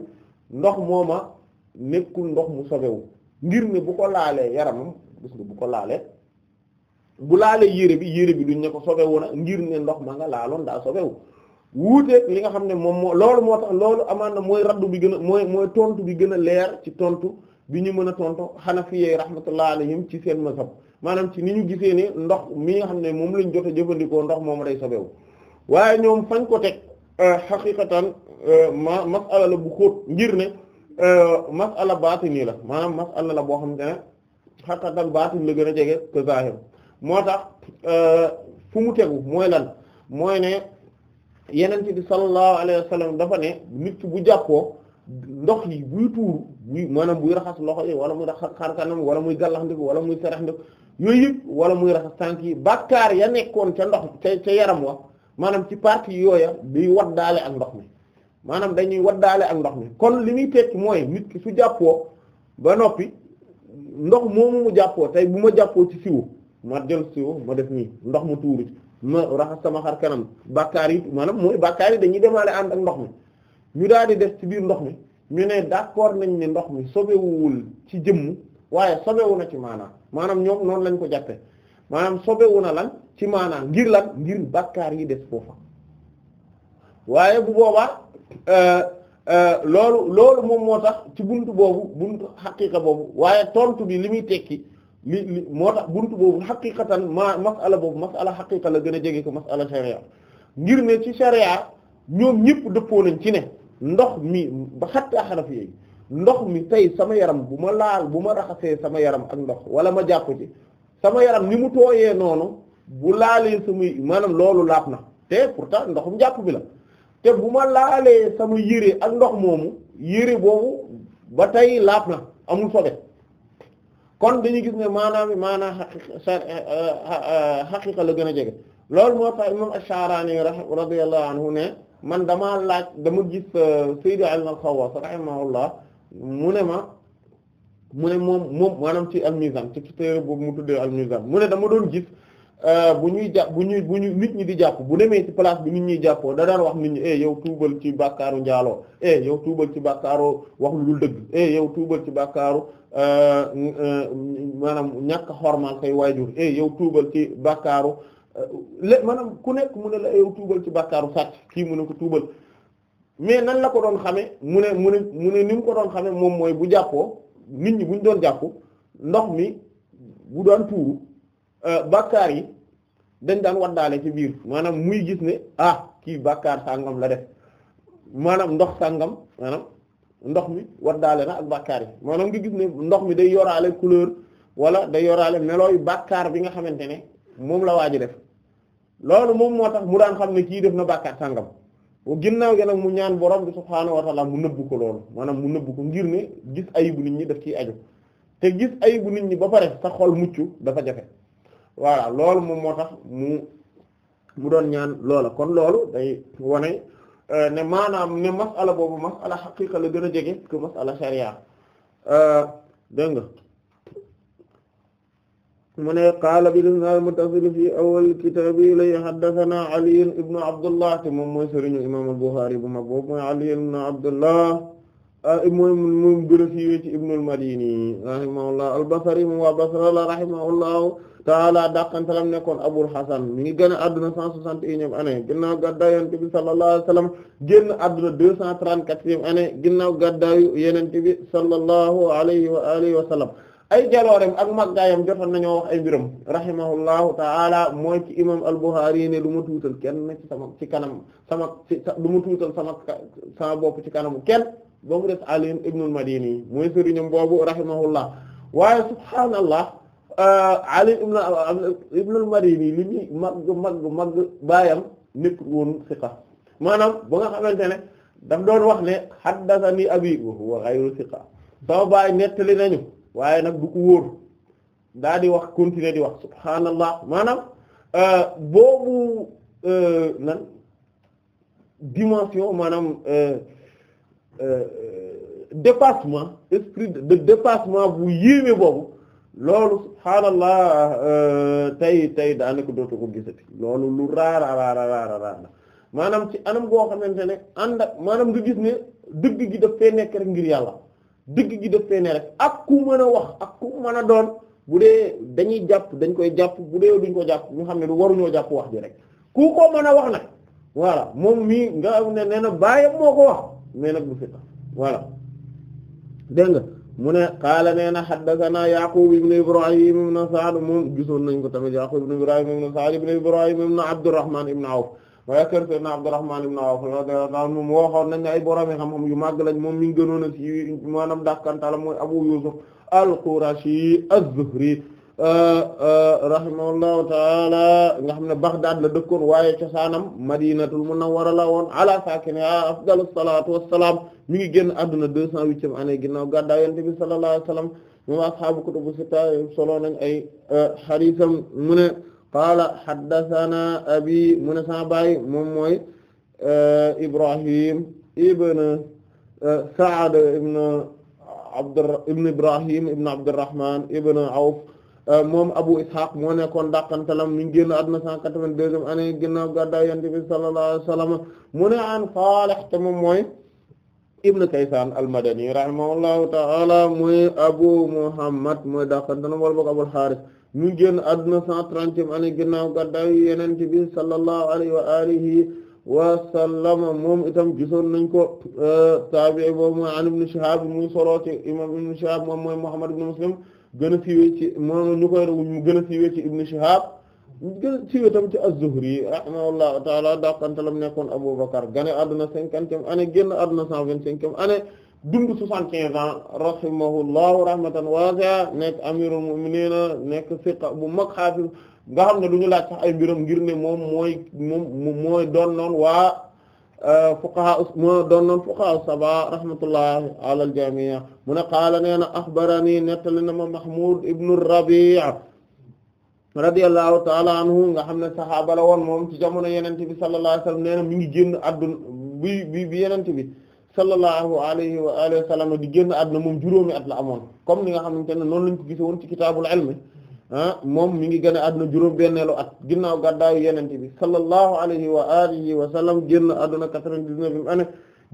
ndox moo ma nekkul ndox mu sobewu ngir ne bu ko laalee yaramam gis nga bu ko laalee bu laalee yére bi yére bi duñ ko sobewu na ngir ne ndox ma nga laaloon daa sobewu wuuteeg li nga xam ne moom moo loolu moo tax loolu amaan na mooy raddu bi gën a mooy mooy tontu bi gën a leer ci tontu bi ñu mën a tontoo xanafiyee rahmatullah alayhim ci seen mazhab maanaam ci ni ñu gisee ne ndox mi nga xam ne moom lañ jot a jëfandikoo ndox moom day sobewu waaye ñoom fañ ko teg xaqiqatan euh, euh, ma masala la bu xóot ngir ne euh, masala baatini la maanaam masala boo xam ne xaqiqatan baatin la gën a jege que zahir moo tax fu mu tegu mooy lan mooy ne yeneen bi sallallahu alayhi wa sallam dafa ne nit bu jàppoo ndox yi buy tuuru buy maanaam buy raxas loxo yi wala muy raxas xar kanam wala muy gàllax ndiko wala muy sarax ndiko yooyu yëpp wala muy raxas tànk yi bàkkaar ya nekkoon ca ndox ca ca yaram wa maanaam ci partie yooya day waddaale ak ndox mi maanaam dañuy waddaale ak ndox mi kon li muy tekki mooy nit ki su jàppoo ba noppi ndox moomu mu jàppoo tey bu ma jàppoo ci siwo ma jël siwo ma def nii ndox mu tuuru ma raxas sama xar kanam bàkkaar yi maanaam mooy bàkkaar yi dañuy demaale ànd ak ndox mi ñu daal di def ci biir ndox mi ñu ne d'accord nañ ne ndox mi sobewuwul ci jëmm waaye sobewu na ci maanaam maanaam ñoom noon lañ ko jàppe maanaam sobewu na lan ci maanaam ngir lan ngir bàkkaar yi des foofa waaye bu boobaa euh, euh, loolu loolu moom moo tax ci bunt boobu bunt xaqiqa boobu waaye tontu bi li muy tekki li li moo tax buntu boobu xaqiqatan ma masala boobu masala xaqiqa la gën a jege ko masala sharia ngir ne ci sharia ñoom ñëpp dëppoo nañ ci ne ndox mi ba xattaa xanaf yooyu ndox mi tey sama yaram bu ma laal bu ma raxasee sama yaram ak ndox wala ma jàpp ci sama yaram ni mu tooyee noonu bu laalee samay maanaam loolu laab na te pourtant ndoxum jàpp bi la te bu ma laalee sama yére ak ndox moomu yére boobu ba tey laab na amul sobe kon dañuy gis ne maanaam maanaa xaqiqa la gën a jege loolu moo tax imam Ash-Sharani radiyallahu anhu ne man damaa laaj dama gis euh, Sayyid al-Khawwas rahimahullah mu ne ma mu ne moom moom maanaam ci al-Mizan ci téere boobu mu tuddee mu ne dama doon gis euh, bu ñuy jàpp bu ñuy bu ñu nit ñi di jàpp bu demee ci place bi nit ñuy jàppoo da daan wax nit ñi eh yow tuubal ci bàkkaaru njaaloo eh yow tuubal ci bàkkaaru wax lu dul dëgg eh yow tuubal ci bàkkaaru euh, maanaam ñàkk xormal say waajur eh yow tuubal ci bakkaaru lé maanaam ku nekk mu ne la yow tuubal ci bàkkaaru sàcc kii mu ne ko tuubal mais nan la ko doon xamee mu ne mu ne mu ne ni mu ko doon xamee moom mooy bu jàppoo nit ñi bu doon jàpp ndox mi bu doon tuuru euh, bàkkaar yi dañ daan waddaale ci biir maanaam muy gis ne ah kii bàkkaar sàngam la def maanaam ndox sàngam maanaam ndox mi waddaale na ak bàkkaar yi maanaam nga gis ne ndox mi day yoraale couleur wala day yoraale melooy bàkkaar bi nga xamante ne moom la waa ji def loolu moom moo tax mu daan xam ne kii def na bàkkaat sàngam ginnaaw gi nag mu ñaan borom bi subhaanahu wa ta'ala mu nëbbu ko loolu maanaam mu nëbbu ko ngir ne gis bu nit ñi def ciy aju te gis ayibu nit ñi ba pare sa xol mucc dafa jafe waa loolu moom moo tax mu mu doon ñaan loola kon loolu day wane euh, ne maanaam ne masala boobu masala xaqiqa la gën a jege que masala sharia euh, dégg mu ne qaala bil-isnaadil muttasil fii awwalil kitaabi ilayhi haddasanaa Ali ibn Abdullah te moom mooy sëriñu imaam al-Buxaari bu mag boobu mooy Ali ibn Abdullah mooy ah, moom gën a siiwee ci Ibnul Madini rahimahullah al-Basri moom waa Basra la rahimahullahu taala dàqantalam nekkoon Abul Hasan mi ngi gën a adduna cent soixante et unième année ginnaaw gàddaayu Yonent bi sallallahu alayhi wa sallam génn adduna deux cent trente-quatrième année ginnaaw gàddaayu Yonent bi sallallahu alayhi wa alihi wa sallam ay jalooreem ak màggaayam jotoon nañoo wax ay mbiram rahimahullahu taala mooy ci imam al-Bukhari ne du ma tuutal kenn ci sama ci kanam sama ci du ma tuutal sama sama bopp ci kanamu kenn ba def des Ali ibn al-Madini mooy sëriñam boobu rahimahullah waaye subhaanallah euh, Ali ibn ibn al-Madini li ñuy mag màgg màgg baayam nekk woon siqa maanaam ba nga xamante ne daf doon wax ne haddathani abi wa huwa ghayru siqa sama baay nettali nañu waaye nag du ko wóor daa di wax continuer di wax subhaanallah maanaam euh, boobu nan euh, dimension maanaam euh, dépassement esprit de dépassement bu yéeme boobu loolu subhaanallah tey tey daanaka dootu ko gisati loolu lu raara raara raara maanaam ci anam goo xamante ne ànd ak maanaam nga gis ne dëgg gi daf fee nekk rek ngir yàlla dëgg gi def ne rek ak ku mën a wax ak ku mën a doon bu dee dañuy jàpp dañ koy jàpp bu dee duñ ko jàpp ñu xam ne du waruñoo jàpp wax ji rek ku ko mën a wax nag voilà moom mii nga am ne nee na bàyyam moo ko wax mais nag bu fi voilà dégg nga mu ne qaala nee na haddathana Yaqub ibn Ibrahim ibn Sa'd moom gisoon nañ ko tamit Yaqub ibn Ibrahim ibn Sa'd ibn Ibrahim ibn Abdurrahman ibn Awf waaye kër Seydina Abdurrahman ibn Awf radiyallahu nañ ay boroomi xam-xam yu màgg lañ moom mi ngi gënoon a ci maanaam dàkkantala mooy Abu Yusuf al-Qurashi az-Zuhri euh, euh, rahimahullahu taala nga xam ne Baghdad la dëkkoon waaye cosaanam Madinatul Munawwara la woon ala saakiniha afdalu salaatu wassalaam mi ngi génn àdduna deux cent huitième année ginnaaw gàddaay Yonent bi sallallahu alayhi wasallam moom ashaabu kutubu sitta solo nañ ay euh, hadiisam mu ne qaala haddathana abi mu ne sama baay moom mooy eh, Ibrahim ibn eh, Sa'd ibn Abdur ibn Ibrahim ibn Abdurrahman ibn Awf eh, moom Abu Ishaq moo nekkoon dàqantalam mi ngi génn àdduna 182e année ginnaaw gàddaay Yonent bi sallallahu alayhi wa sallam mu ne an Salih te moom mooy ibn Kaysan al-Madani rahimahullahu ta'ala mooy Abu Muhammad mooy dàqantalam wala boog Abul Harith mu génn àdduna 130e année ginnaaw gàddaay yonent bi sallallahu alayhi wa alihi wa sallam moom itam gisoon nañ ko euh, taabi'i boobu mooy an ibn Shihab mu solo ci imam ibn Shihab moom mooy Muhammad ibn Muslim gën a siiwe ci moom ñu koy gën a siiwe ci ibn Shihab gën a siiwe tam ci az-Zuhri rahimahullahu ta'ala daqantalam nekkoon Abubakar gane àdduna 50e année génn àdduna 125e année dund soixante-quinze ans rahimahullahu rahmatan wasi'a nekk amirul mu'minina nekk siqa bu mag xaafis nga xam ne du ñu laaj ay mbiram ngir ne moom mooy moom waa euh, fuqaha moo doon noon fuqaha saba rahmatullahi ala al-jami' mu ne qaala nee na axbarani nettali na ma mahmud ibnu rabi' radiyallahu taala anhu nga xam ne sahaaba la woon moom ci na mi ngi génn bi bi bi bi sallallahu alayhi wa alihi wa sallam di génn àdduna moom juróomi at la amoon comme ni nga xamante ne noonu lañ ko gise woon ci kitaabul ilmi ah, moom mi ngi génn àdduna juróom benneelu at ginnaaw gàddaayu yenente bi sallallahu alayhi wa alihi wa sallam génn àdduna quatre-vingt-dix-neuvième année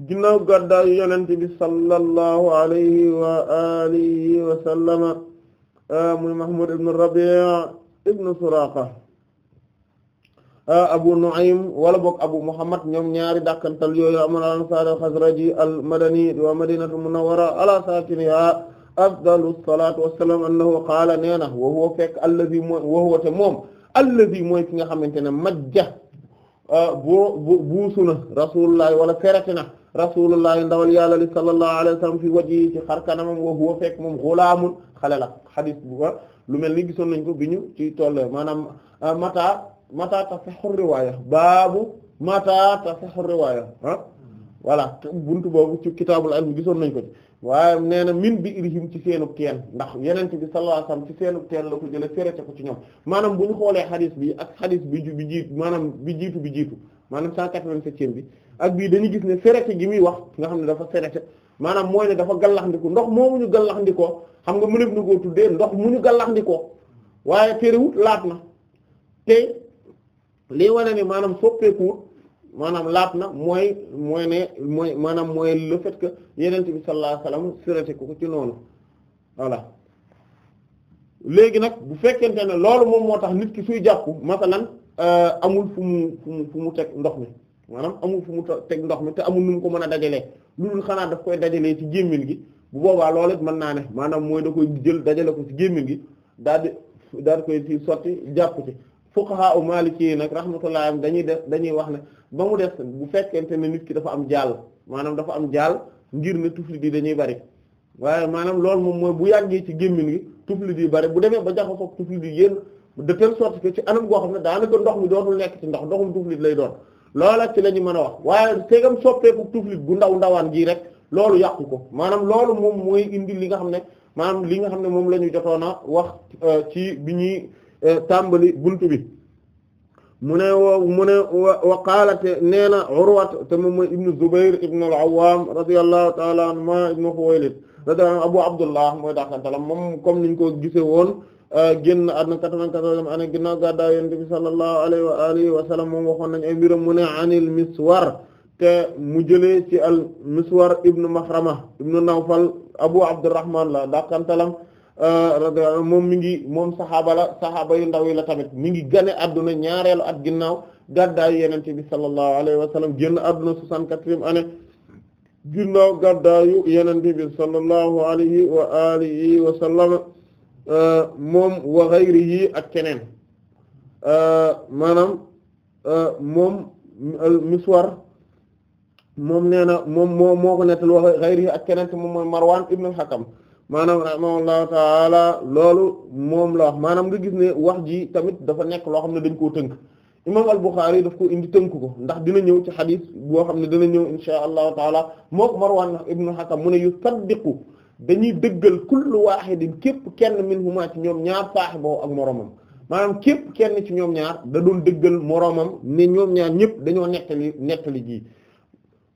ginnaaw gàddaayu yenente bi sallallahu alayhi wa alihi wa sallama ah, muy Mahmud ibn Rabi' ibn Suraqa Euh, abu nu'aym wala boog abu muhammad ñoom ñaari dàkkantal yooyu amoon al ansari al xazraji al madani wa madinatu munawwara ala saakiniha afdalu salaatu wassalaam annahu qaala nee na wa huwa fekk allazi mooy wa huwa te moom allazi mooy ki nga xamante ne majja euh, bu buusu na rasulullahi wala ferete na rasulullahi ndawal yàlla li sallallahu alayhi wa sallam fi waji ci xar kanamam wa huwa fekk moom xulaamun xale la xadis bu ba lu mel ni gisoon nañ ko bi ñu ci toll maanaam euh, mata mata tasihhu riwaaya baabu mata tasihhu riwaaya ah voilà buntu boobu ci kitaabul ilm gisoon nañ ko ci waaye nee na min bi irihim ci seenu teen ndax yeneen bi sallallahu alayhi wasallam ci seenub teen la ko jëlee ferete ko ci ñoom maanaam bu ñu xoolee xadis bi ak xadis bi ju bi jiitu maanaam bi jiitu bi jiitu maanaam 187 bi ak bii dañuy gis ne ferete gi muy wax nga xam ne dafa ferete maanaam mooy dafa gallaxndiku ndox moomu ñu gallaxndikoo xam nga mëneef na koo tuddee ndox mu ñu gallaxndikoo waaye terewut laat na lii wane ne maanaam soppeekuwut maanaam laat na mooy mooy ne mooy maanaam mooy le fait que yenent bi sallallahu alayhi wasallam sirati ko ci noonu voilà léegi nag bu fekkente ne loolu moom moo tax nit ki suy jàpp masalan euh, amul fu mu fu mu teg ndox mi maanaam amul fu mu teg ndox mi te amul nu mu ko mën a dajalee lu dul xanaa daf koy dajalee ci gémmiñ gi bu boobaa loolu mën naa ne maanaam mooy da koy jël dajale ko ci gémmiñ gi daal di daal di koy sotti jàpp ci fuqaha u maliki yi nag rahmatullah dañuy def dañuy wax ne ba mu def bu fekkente ne nit ki dafa am jaal maanaam dafa am jaal ngir ne tufli di dañuy bari waaye maanaam loolu moom mooy bu yàggee ci gi tufli di bari bu demee ba jaxasoo tufli di yéen de telle sorte que ci ne daanaka ndox mi dootul nekk ci ndox ndoxum tuflit lay doon loola la ñu mën a wax waaye tegam soppeeku tuflit gu ndaw ndawaan gii rek loolu yàqu ko maanaam loolu moom mooy indi li nga xam ne maanaam li nga xam ne moom la ñu jotoon a wax euh, ci bi ñuy tàmbali buntu bi mu ne mu ne wa qaalate te moom mooy ibnu Zubayr ibnu al-Awwam ta'ala anhuma ibnu Khuwaylid radiyallahu Abu Abdullah mooy daxantalam moom comme niñ ko gise woon euh, génn àdduna 94 année ginnaaw gàddaay Yonent bi sallallahu alayhi wa alihi wa sallam mu ne anil Miswar te mu jëlee ci al Miswar ibnu Mahrama ibnu Nawfal Abu Abdurrahman la daxantalam radiyallahu moom mi ngi moom saxaaba la saxaaba yu ndaw yi la tamit mi ngi gane adduna ñaareelu at ginnaaw gàddaayu yenente bi sallallahu alayhi wa sallam génn adduna soixante-quatrième année ginnaaw gàddaayu yenente bi sallallahu alayhi wa alihi wa sallam euh, moom wa ghayrihi ak keneen euh, maanaam euh, moom al miswar moom nee na moom moo moo ko nettal wa ghayrihi ak keneen te moom mooy Marwan ibn al-Hakam maanaam rahimahullahu taala loolu moom la wax maanaam nga gis ne wax ji tamit dafa nekk loo xam ne dañ koo tënk imam al-Bukhari daf ko indi tënk ko ndax dina ñëw ci xadis boo xam ne dina ñëw insha moo ko Marwan ibnu mu ne yu saddiqu dañuy dëggal kullu képp kenn minhuma ci ñoom ñaar faaxe boobu ak moroomam maanaam képp kenn ci ñoom ñaar da doon dëggal moroomam ne ñoom ñaar ñëpp dañoo nettali nettali ji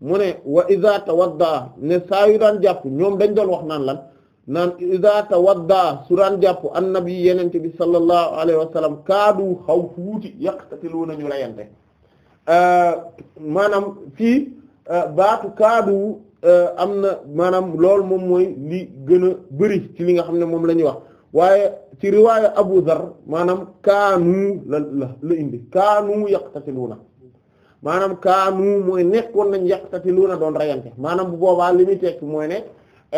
mu ne wa iza tawadda ne saa yu daan jàpp ñoom dañ doon wax naan lan naan iza tawadda suraan jàpp annabi yenente bi sallallahu alayhi wa sallam kaadu xaw fuuti yaqtatiluuna ñu rayante euh, maanaam fii euh, baatu kaadu euh, am na maanaam loolu moom mooy li gën a bëri ci li nga xam ne moom la ñuy wax waaye ci riwaaya Abu Dharr maanaam kaanu la la la indi kaanu yaqtatiluuna maanaam kaanu mooy nekkoon nañ yaqtatiluuna doon rayante maanaam bu boobaa li muy tekk mooy ne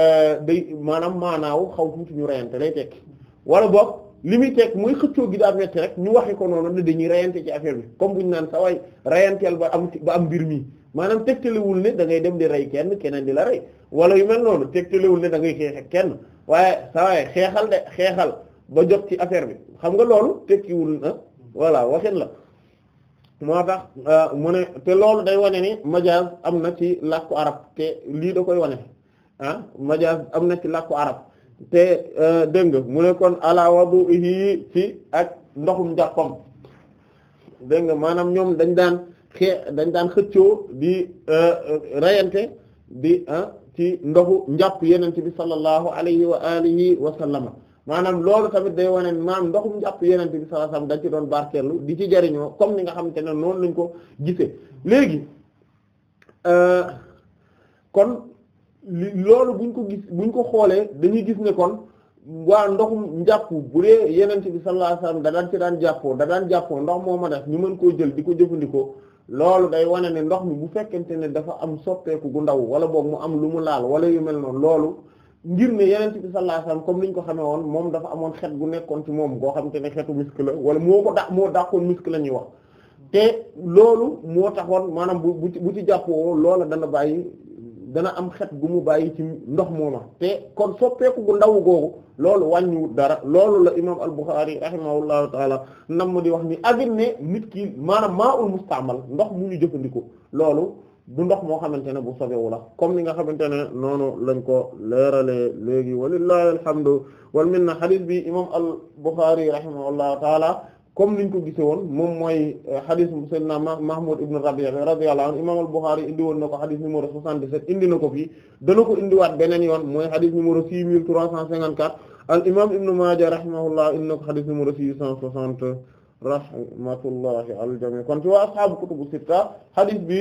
Euh, day maanaam maanaaw xaw tuuti ñu reyante lay tekki wala boog li muy tekk muy xëccoo gi daa metti rek ñu waxe ko noonu ne dañuy reyante ci affaire bi comme bu ñu naan sa waay reyanteel ba am ba am mi maanaam tegtalewul ne da dem di rey kenn keneen di la rey wala yu mel noonu tegtalewul ne da ngay xeex ak kenn waaye xeexal de xeexal ba jot ci affaire bi xam nga loolu tekkiwul na voilà waxin la moo tax euh, mu ne te loolu day wane ni majaaz am na ci làkku arab te lii da koy wane ah majaas am na ci làqu arab te euh, dégg nga mu ne kon ala wudu'ihi ci ak ndoxum njàppam dégg nga maanaam ñoom dañ daan xee dañ daan xëccoo di euh, rayante di ah ci ndoxu njàpp yenente bi sallallahu alayhi wa alihi wa sallama maanaam loolu tamit day wane maanaam ndoxum njàpp yenente bi sallallahu alayhi dañ ci doon barkeelu di ci jariñoo comme ni nga xamante ne noonu lañ ko gisee léegi euh, kon li loolu bu ñu ko gis buñ ko xoolee dañuy gis ne kon waa ndoxum njàpp bu dee yenente bi sallallahu alayhi wasallam da daan ci daan jàppoo da daan jàppoo ndox moo ma def ñu mën koo jël di ko jëfandikoo loolu day wane ne ndox mi bu fekkente ne dafa am soppeeku gu ndaw wala boog mu am lu mu laal wala yu mel noonu loolu ngir ne yenente bi sallallahu comme ni ñu ko xamee woon moom dafa amoon xet gu nekkoon ci moom goo xamante ne xetu misk la wala moo ko da moo dàqoon misk la ñuy wax te loolu moo taxoon maanaam bu bu ci jàppoo loola dana bàyyi dana am xet gu mu bàyyi ci ndox mooma te kon soppeeku gu ndaw googu loolu wàññiwut dara loolu la imaam al-Bukhari rahimahullahu taala nam ma di wax ni avir ne nit ki maanaam maa ul mustaamal ndox mu ñu jëfandikoo loolu du ndox moo xamante ne bu sobewu la comme ni nga xamante ne noonu lañ ko leeralee léegi walillahi alhamdu wal minna hadith bi imaam al-Bukhari rahimahullahu taala comme ñu ko gise woon moom mooy hadith euh, sayyidina Mahmoud ibn Rabi' radiyallahu anhu imam al-Bukhari indi woon na ko hadith numéro 77 indi na ko fii dana ko indiwaat beneen yoon mooy hadith numéro 6354 al imam ibn Maaja rahimahullah indi na ko hadith numéro 660 rahmatullahi al jami' kon ci waa kutubu sitta hadith bi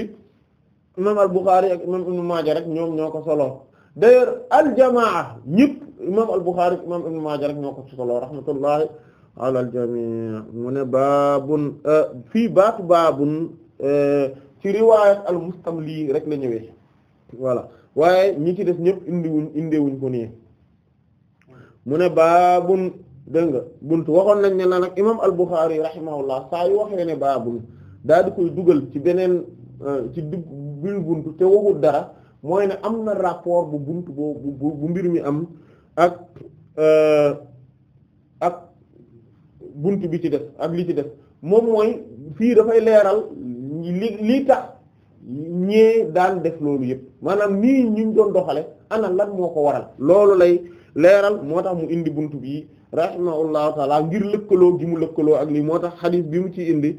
imam al-Bukhari ak imam ibn Maaja rek ñoom ñoo ko solo d'ailleurs al jamaa ñëpp imam al-Bukhari ak imam ibn Maaja rek ñoo ko solo alal jamii mu ne baabun euh, fii baatu baabun euh, ci riwaayat al mustamli rek la ñëwee wala waaye ñi ci def ñëpp indiwuñ indiwuñ ko nii mu ne baabun dégg nga buntu waxoon nañ ne la nag imaam al buxaari rahimahullah saa yu waxee ne baabun daal di koy dugal ci beneen euh, ci digg biir buntu te waxul dara mooy ne am na rapport bu buntu boobu bu mbir mi am ak ak. bunt bi ci def ak li ci def moom mooy fii dafay leeral li lii tax ñee daan def loolu yëpp maanaam nii ñu doon doxale ana lan moo ko waral loolu lay leeral moo tax mu indi bunt bi rahimahullahu taala ngir lëkkaloo gi mu lëkkaloo ak lii moo tax xadis bi mu ci indi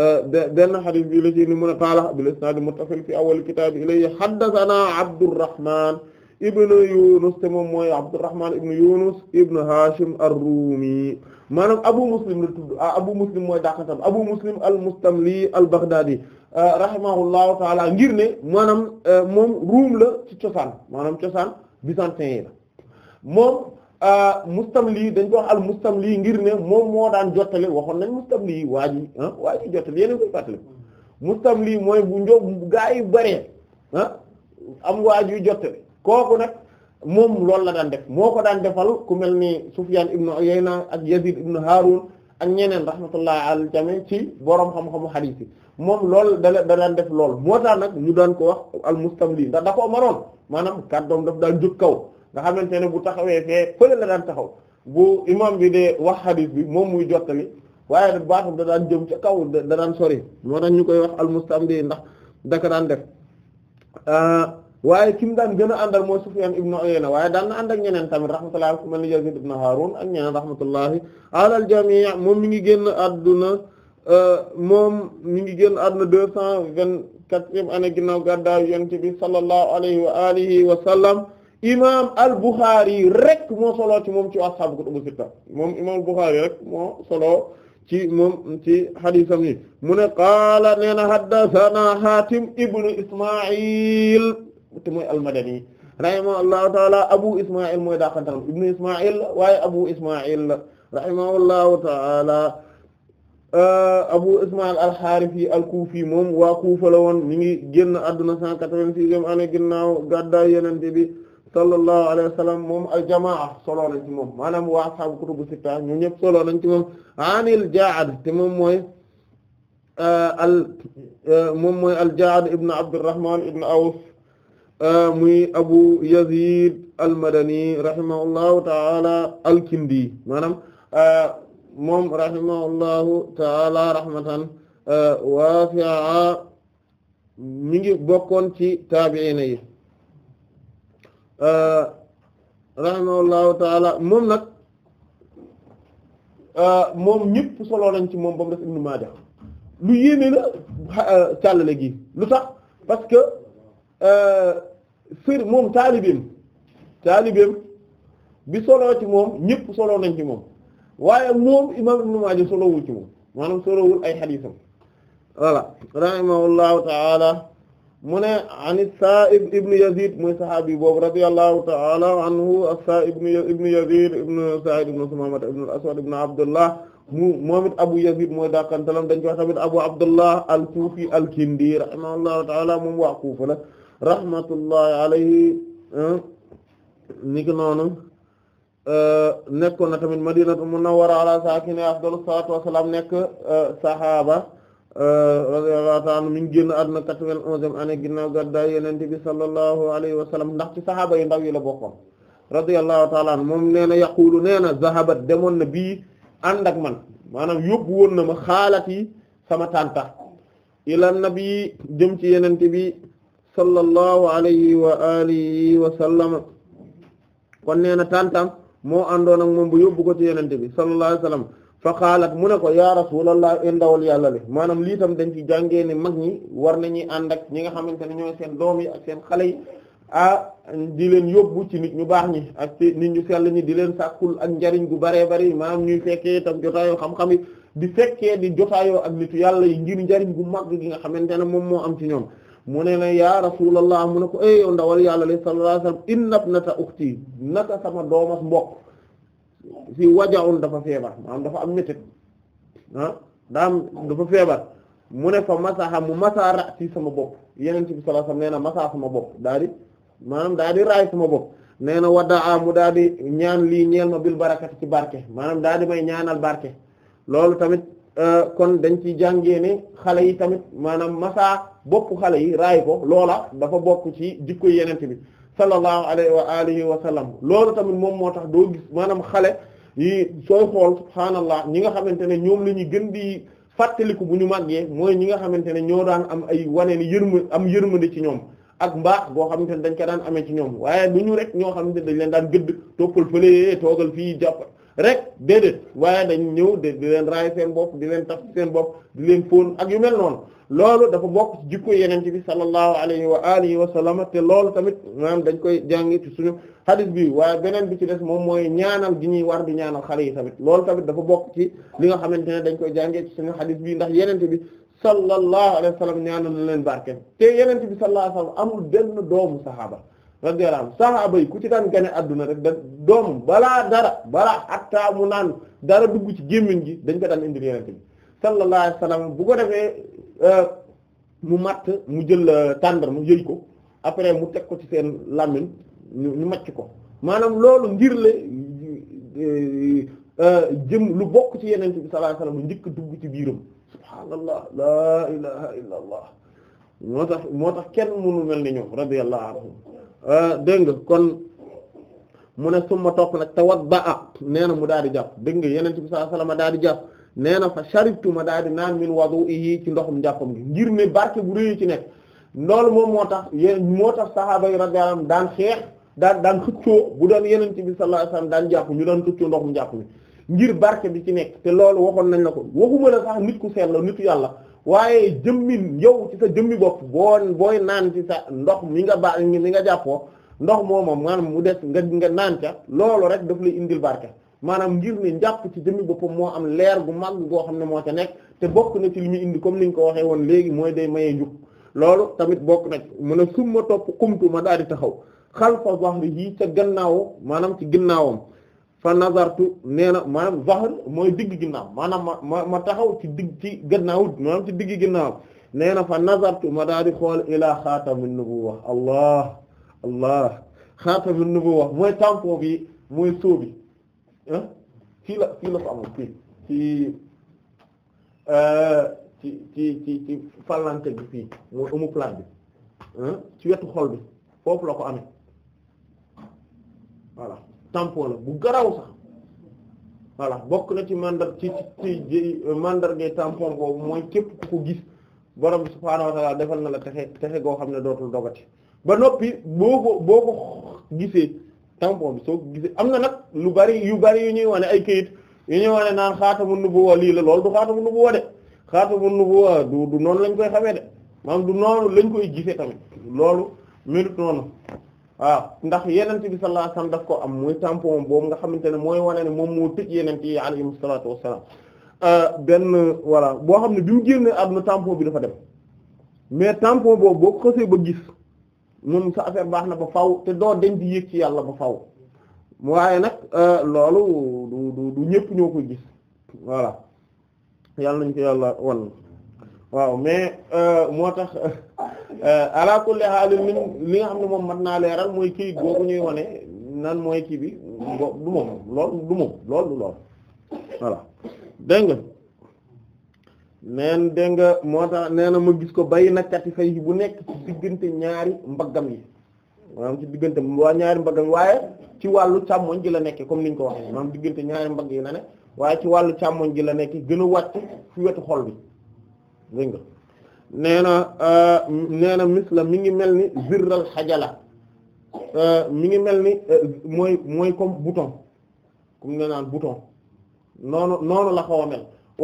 euh, benn xadis bi la ci indi mu ne qaala bil isnaad muttasil fi awwal kitaab ilayhi haddathana Abdurrahman ibn Yunus te moom mooy Abdurrahman ibn Yunus ibn Hashim ar-Rumi maanaam Abu Muslim la tudd ah, Abu Muslim mooy dàqatam Abu Muslim al-Mustamli al-Baghdadi ah, rahimahullahu taala ngir ne maanaam ah, moom ruum la ci cosaan maanaam cosaan byzantin moom Mustamli dañ ko wax al-Mustamli ngir ne moom moo daan jottali waxoon nañ Mustamli li ji ah waa ji mooy bu njóob gaa yi bare ah am waa ji kooku nag moom loolu la daan def moo ko daan defal ku mel ni Sufyan ibnu Uyayna ak Yazid ibnu Harun ak ñeneen rahmatullah al jami ci borom xam-xamu hadith yi moom loolu da da daan def lool moo tax nag ñu daan ko wax al mustamli da ko maroon maanaam kàddoom daf daan jóg kaw nga xamante ne bu taxawee fee fële la daan taxaw bu imam bi de wax hadith bi moom muy jottali waaye baatam da daan jëm ci kaw da daan sori moo tax ñu koy wax al mustamli ndax da ko daan def. Ah, waaye ki mu daan gën a àndal mooy Sufyan ibn Uyayna waaye daan na ànd ak ñeneen tamit rahmatullahi ku mel ni Yazid Harun ak ñeneen rahmatullahi alal jamii moom mi ngi génn àdduna euh, moom mi ngi génn àdduna deux cent vingt-quatrième année ginnaaw gàddaay yonent bi sallallahu alayhi wa alihi wa sallam imam al-Bukhari rek moo solo ci moom ci ashaabu kutubu sitta moom imam al-Bukhari rek moo solo ci moom ci hadisam ni mu ne qaala nee na haddathana Hatim ibn Isma'il te mooy almadani rahimahullahu taala abu ismail mooy daakantaram ibnu ismail la waaye abu ismail la rahimahullahu taala euh, abu ismail alxaarisi alkuufi moom waa kuufa la woon mi ngi génn adduna cent quatre-vingt-sixième année ginnaaw gàddaay yenente sallallahu alayhi wa sallam moom aljamaa soloo nañ mom moom maanaam waa ashaabu kutubu sitta ñu ñëpp soloo nañ ci moom anil jaad te moom mooy euh, euh, aljaad ibnu abdurrahman ibnu awf Euh, muy Abu Yazid al-Madani rahimahullahu ta'ala al-Kindi maanaam euh, moom rahimahullahu ta'ala rahmatan euh, wasi'a mi ngi bokkoon ci taabi'ina yi rahimahullahu ta'ala moom nag moom ñëpp solo nañ ci moom ba mu def Ibn Maaja lu yéeme la càllale gi lu tax parce que sër euh, moom taalibeem taalibeem bi soloo ci moom ñëpp soloo nañ ci moom waaye moom imam Ibn Maaja solowul ci moom maanaam solowul ay xadiisam voilà rahimahullahu taala mu ne an as-Sa'ib ibn Yazid mooy saxaabi boobu radiyallahu taala anhu Abu Abdullah al-Kufi al-Kindi rahimahullahu taala moom waa la rahmatullahi alayhi ni ki noonu euh, nekkoon na tamit madinatu munawwara ala saakini afdalu salaatu wassalaam nekk euh, sahaaba euh, radiyallahu ta'ala anhu mi ngi génn àdduna quatre-vingt-onzième année ginnaaw gàddaay yonent bi sallallahu alayhi wa ndax ci sahaaba yi ndaw yi la bokkoon radiyallahu ta'ala moom nee na yaqulu nee zahabat demoon na bi ànd ak man maanaam yóbbu na ma xaalat sama tànta ila nabi jëm ci yenente bi sallallahu alayhi wa alihi wa sallam kon nee na tantam moo àndoon ak moom bu yóbbu ko ci yonent bi sallallahu wa sallam fa qaalat mu ne ko ya rasulallah en ndawal yàlla li maanaam lii tam dañ ci jàngee ne mag ñi war nañuy ànd ak ñi nga xamante ne ñooy seen doom yi ak seen xale yi ah di leen yóbbu ci nit ñu baax ñi ak nit ñu sell ñi di leen sàkkul ak njariñ gu baree bari maanaam ñuy fekkee itam jotaayoo xam-xam yi di fekkee di jotaayoo ak nitu yàlla yi ngir njariñ gu mag gi nga xamante ne moom moo am ci ñoom mu ne ne yaa rasulallah mu ne ko eh yow ndawal yàlla li sallallahu alayhi wasallam inna ibnata ukhti naka sama doomas mbokk si wajaun dafa feebar dafa am métit ah daa feebar mu ne fa masaha mu masa ra'si sama bopp yeneen nee na masa sama bopp daa di maanaam daa di raay sama bopp nee na waddaa mu daa di ñaan lii ñeel ma bil barakati ci barke maanaam daa di may ñaanal barke loolu tamit Euh, kon dañ ci jàngee ne xale yi tamit maanaam masaa bopp xale yi raay ko loola dafa bokk ci jikko yeneen bi sallallahu alayhi wa alihi wa sallam loolu tamit moom moo tax doo gis maanaam xale yi sooy xool subhaanallah ñi nga xamante ne ñoom la ñuy gën di fàttaliku bu ñu màggee mooy ñi nga xamante ne ñoo daan am ay wane ni yërma am yërmande ci ñoom ak mbaax goo xamante ne dañ ko daan amee ci ñoom waaye du ñu rek ñoo xamante ne dañ leen daan gëdd toppal toogal fii jàpp rek déedéet waaye dañ ñëw di leen raay seen bopp di leen taf seen bopp di leen fóon ak yu noon loolu dafa bokk ci jikko yeneen bi sallallahu alayhi wa alihi wa sallam te loolu tamit maanaam dañ koy jàngi ci suñu hadith bi waaye beneen bi ci des moom mooy ñaanal gi ñuy war di ñaanal xale yi tamit loolu tamit dafa bokk ci li nga xamante ne dañ koy jàngee ci suñu hadith bi ndax yeneen bi sallallahu alayhi wa sallam ñaanal na leen barke te yeneen bi sallallahu alayhi wa sallam amul benn doomu saxaaba radiyallahu anhu sahaaba yi ku ci daan gane àdduna rek da doom balaa dara balaa hatta mu naan dara dugg ci gémmiñ gi dañ ko daan indil yenente bi sallallahu alayhi wasallam bu ko defee euh, mu matt mu jël euh, tàndar mu yëy ko après mu teg ko ci seen làmmiñ ñu macc ko maanaam loolu ngir le euh, jëm lu bokk ci yenente bi sallallahu alayhi wasallam dugg ci biiram subhaanallah la ilaha illa moo tax moo tax kenn mënu mel ni ñoom radiyallahu anhum Euh, dégg nga kon mu ne summa toq nag wat tawadda'a nee na mu daal di jàpp dégg nga yeneen bi sa alayhi ma daal di jàpp nee na fa sharibtu ma daal di naan min wudu'i ci ndoxum jàppam gi ngir ne barke bu rëy ci nekk loolu moom moo tax yéen moo tax sahaaba yi radiyallahu anhum daan xeex daan daan xëccoo bu doon yeneen bi sa alayhi wasallam daan jàpp ñu daan xëccoo ndoxum jàpp mi ngir barke bi ci nekk te loolu waxoon nañ la ko waxuma la sax nit ku seet la nitu yàlla waaye jëmmin yow ci sa jëmmi bopp boo booy naan ci sa ndox mi nga ba mi nga jàppoo ndox moomam maanaam mu des nga nga naan ca loolu rek daf lay indil barke maanaam ngir ne njàpp ci jëmmi boppam moo am leer gu mag boo xam ne moo ca nekk te bokk na ci li muy indi comme ni ñu ko waxee woon léegi mooy day maye njub loolu tamit bokk na ci mun a summa topp xumtu ma daal di taxaw xal xalfa zahrihi ca gannaaw maanaam ci ginnaawam fa nazartu nee na maanaam zahr mooy digg ginnaaw maanaam ma ma ma taxaw ci digg ci gannaaw maanaam ci digg ginnaaw nee na fa nazartu ma daal di xool ilaa xaatamin nubuwwa allah allah xaatamin nubuwwa mooy tampon bi mooy sóo bi ah fii la fii la ko amoon fii euh, ci ci ci ci ci falanke bi fii mooy omoplate bi ci wetu xol bi foofu la ko amee voilà tampon la bu garaw sax voilà bokk na ci mandar ci ci ci euh, mandargay tampon boobu mooy képp ku ko gis borom bi subhaanahu wa ta'ala defal na la texe texe goo xam ne dootul dogati ba noppi boo ko boo ko gisee tampon bi soo gisee am na nag lu bari yu bari yu ñuy wane ay kayit yu ñuy wane naan xaatamu nubuwa lii la loolu du xaatamu nubuwa de xaatamu nubuwa du du noon lañ koy xamee de maanaam du noonu lañ koy gisee tamit loolu mérite noonu waaw ndax yenent bi sallallahu alayhi wasallam ko am muy tampon boobu nga xamante ne mooy wane ne moom moo tëj yenent yi alayhim salaatu wassalaam euh, benn voilà boo xam ne bi mu génne àdduna tampon bi dafa dem mais tampon boobu boo ko xësee ba gis moom sa affaire baax na ba faw te doo den di yëg ci yàlla ba faw waaye nag euh, loolu du du du ñëpp ñoo koy gis voilà yàlla nañ ko yàlla wan waaw mais euh, moo tax euh, ala kulli haal min li nga xam ne moom mat naa leeral mooy kii googu ñuy wane nan mooy kii bi bo du moom lool du moom lool du lool voilà dégg nga neen dégg nga moo tax nee na ma gis ko bay na kati fay bu nekk ci diggante ñaari mbaggam yi maanaam ci diggante waa ñaari mbaggam waaye ci wàllu càmmoñ gi la nekkee comme ni ñu ko waxee maanaam diggante ñaari mbagg yi la ne waaye ci wàllu càmmoñ gi la nekkee gën a wàcc fi wetu xol bi dégg nga nee na euh, nee na misla mi ngi mel ni zirral xajala euh, mi ngi mel ni euh, mooy mooy comme bouton comme nee naan bouton noonu noonu la xaw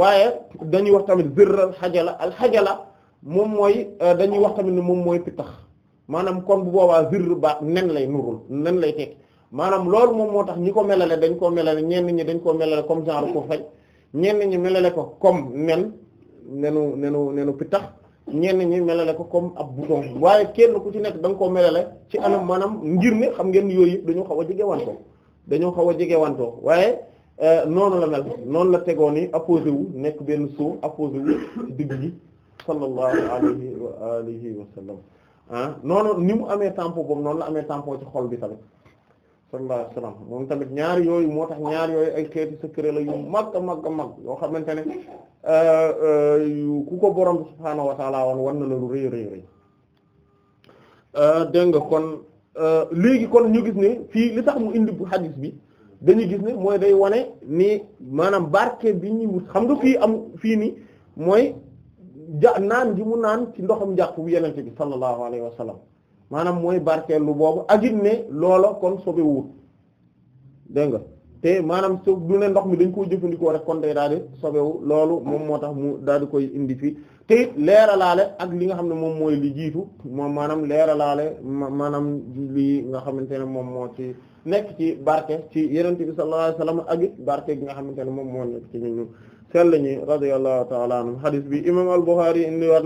waaye dañuy wax tamit zirral xajala al xajala moom mooy dañuy wax tamit ni moom mooy pitax maanaam kon bu boobaa zirr ba nen lay nurul nen lay teg maanaam loolu moom moo tax ñi ko melale dañ koo melale ñenn ñi dañ koo melale comme genre ko fay ñenn ñi melale ko comme nen nenu nenu nenu pitax ñenn ñi melale ko comme ab bouton waaye kenn ku ci nekk da nga koo melale ci anam maanaam ngir ni xam ngeen yooyu yëpp dañoo xaw a jege wantoo dañoo xaw a jege wantoo waaye euh, noonu la mel noonu la tegoo ni apposé wu nekk benn suuf apposé wu digg ji sallallahu alayhi wa alihi wa sallam ah noonu ni mu amee temp boobu noonu la amee tampon ci xol bi tamit sallallahu alayhi wasallam moom tamit ñaar yooyu moo tax ñaar yooyu ay xeeti la yu mag a a mag yoo xamante ne euh, euh, ku wan wan na la lu rëy rëy rëy euh, dégg nga kon léegi kon ñu gis ne fii li tax mu indi bu hadis bi dañu gis ne mooy day wane ni maanaam barke bi ñu xam nga fii am fii nii mooy ja naan gi mu naan ci ndoxam njàpp bu yenente bi sallallahu alayhi wasallam maanaam mooy barkeelu boobu ak it ne loola kon sobewut dégg nga te maanaam su du ne ndox mi dañ koo jëfandikoo rek kon day daal di sobewu loolu moom moo tax mu daal di koy indi fii te it leeralaale ak li nga xam ne moom mooy li jiitu moom maanaam leeralaale maanaam lii nga xamante ne moom moo ci nekk ci barke ci yeneen bi sallallahu alayhi wasallam barke gi nga xamante ne moom moo nekk ci ñun sell ñi radiyallahu ta'ala anhum hadith bi imam al-Bukhari indi war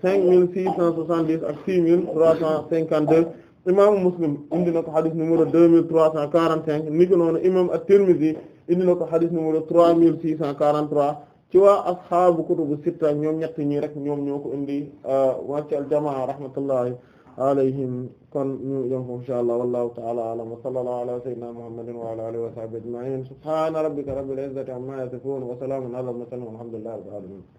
cinq mille six cent soixante-dix ak six mille trois cent cinquante-deux imaamu Muslim indi na ko xadis numéro deux mille trois cent quarante-cinq niki noonu imaam at-Tirmidhi indi na ko xadis numéro trois mille six cent quarante-trois ci waa asxaabu kutubu sitta ñoom ñett ñi rek ñoom ñoo ko indi euh, wàcc al jamaa rahmatullahi alayhim kon ñu yom foofu insha allah wallahu ta'ala a'lam wa sallallahu ala sayyidina muhammadin wa ala alihi wa sahbihi ajma'in subhana rabbika rabbil izzati amma yasifun wa salamun ala al mursalin walhamdulillahi rabbil alamin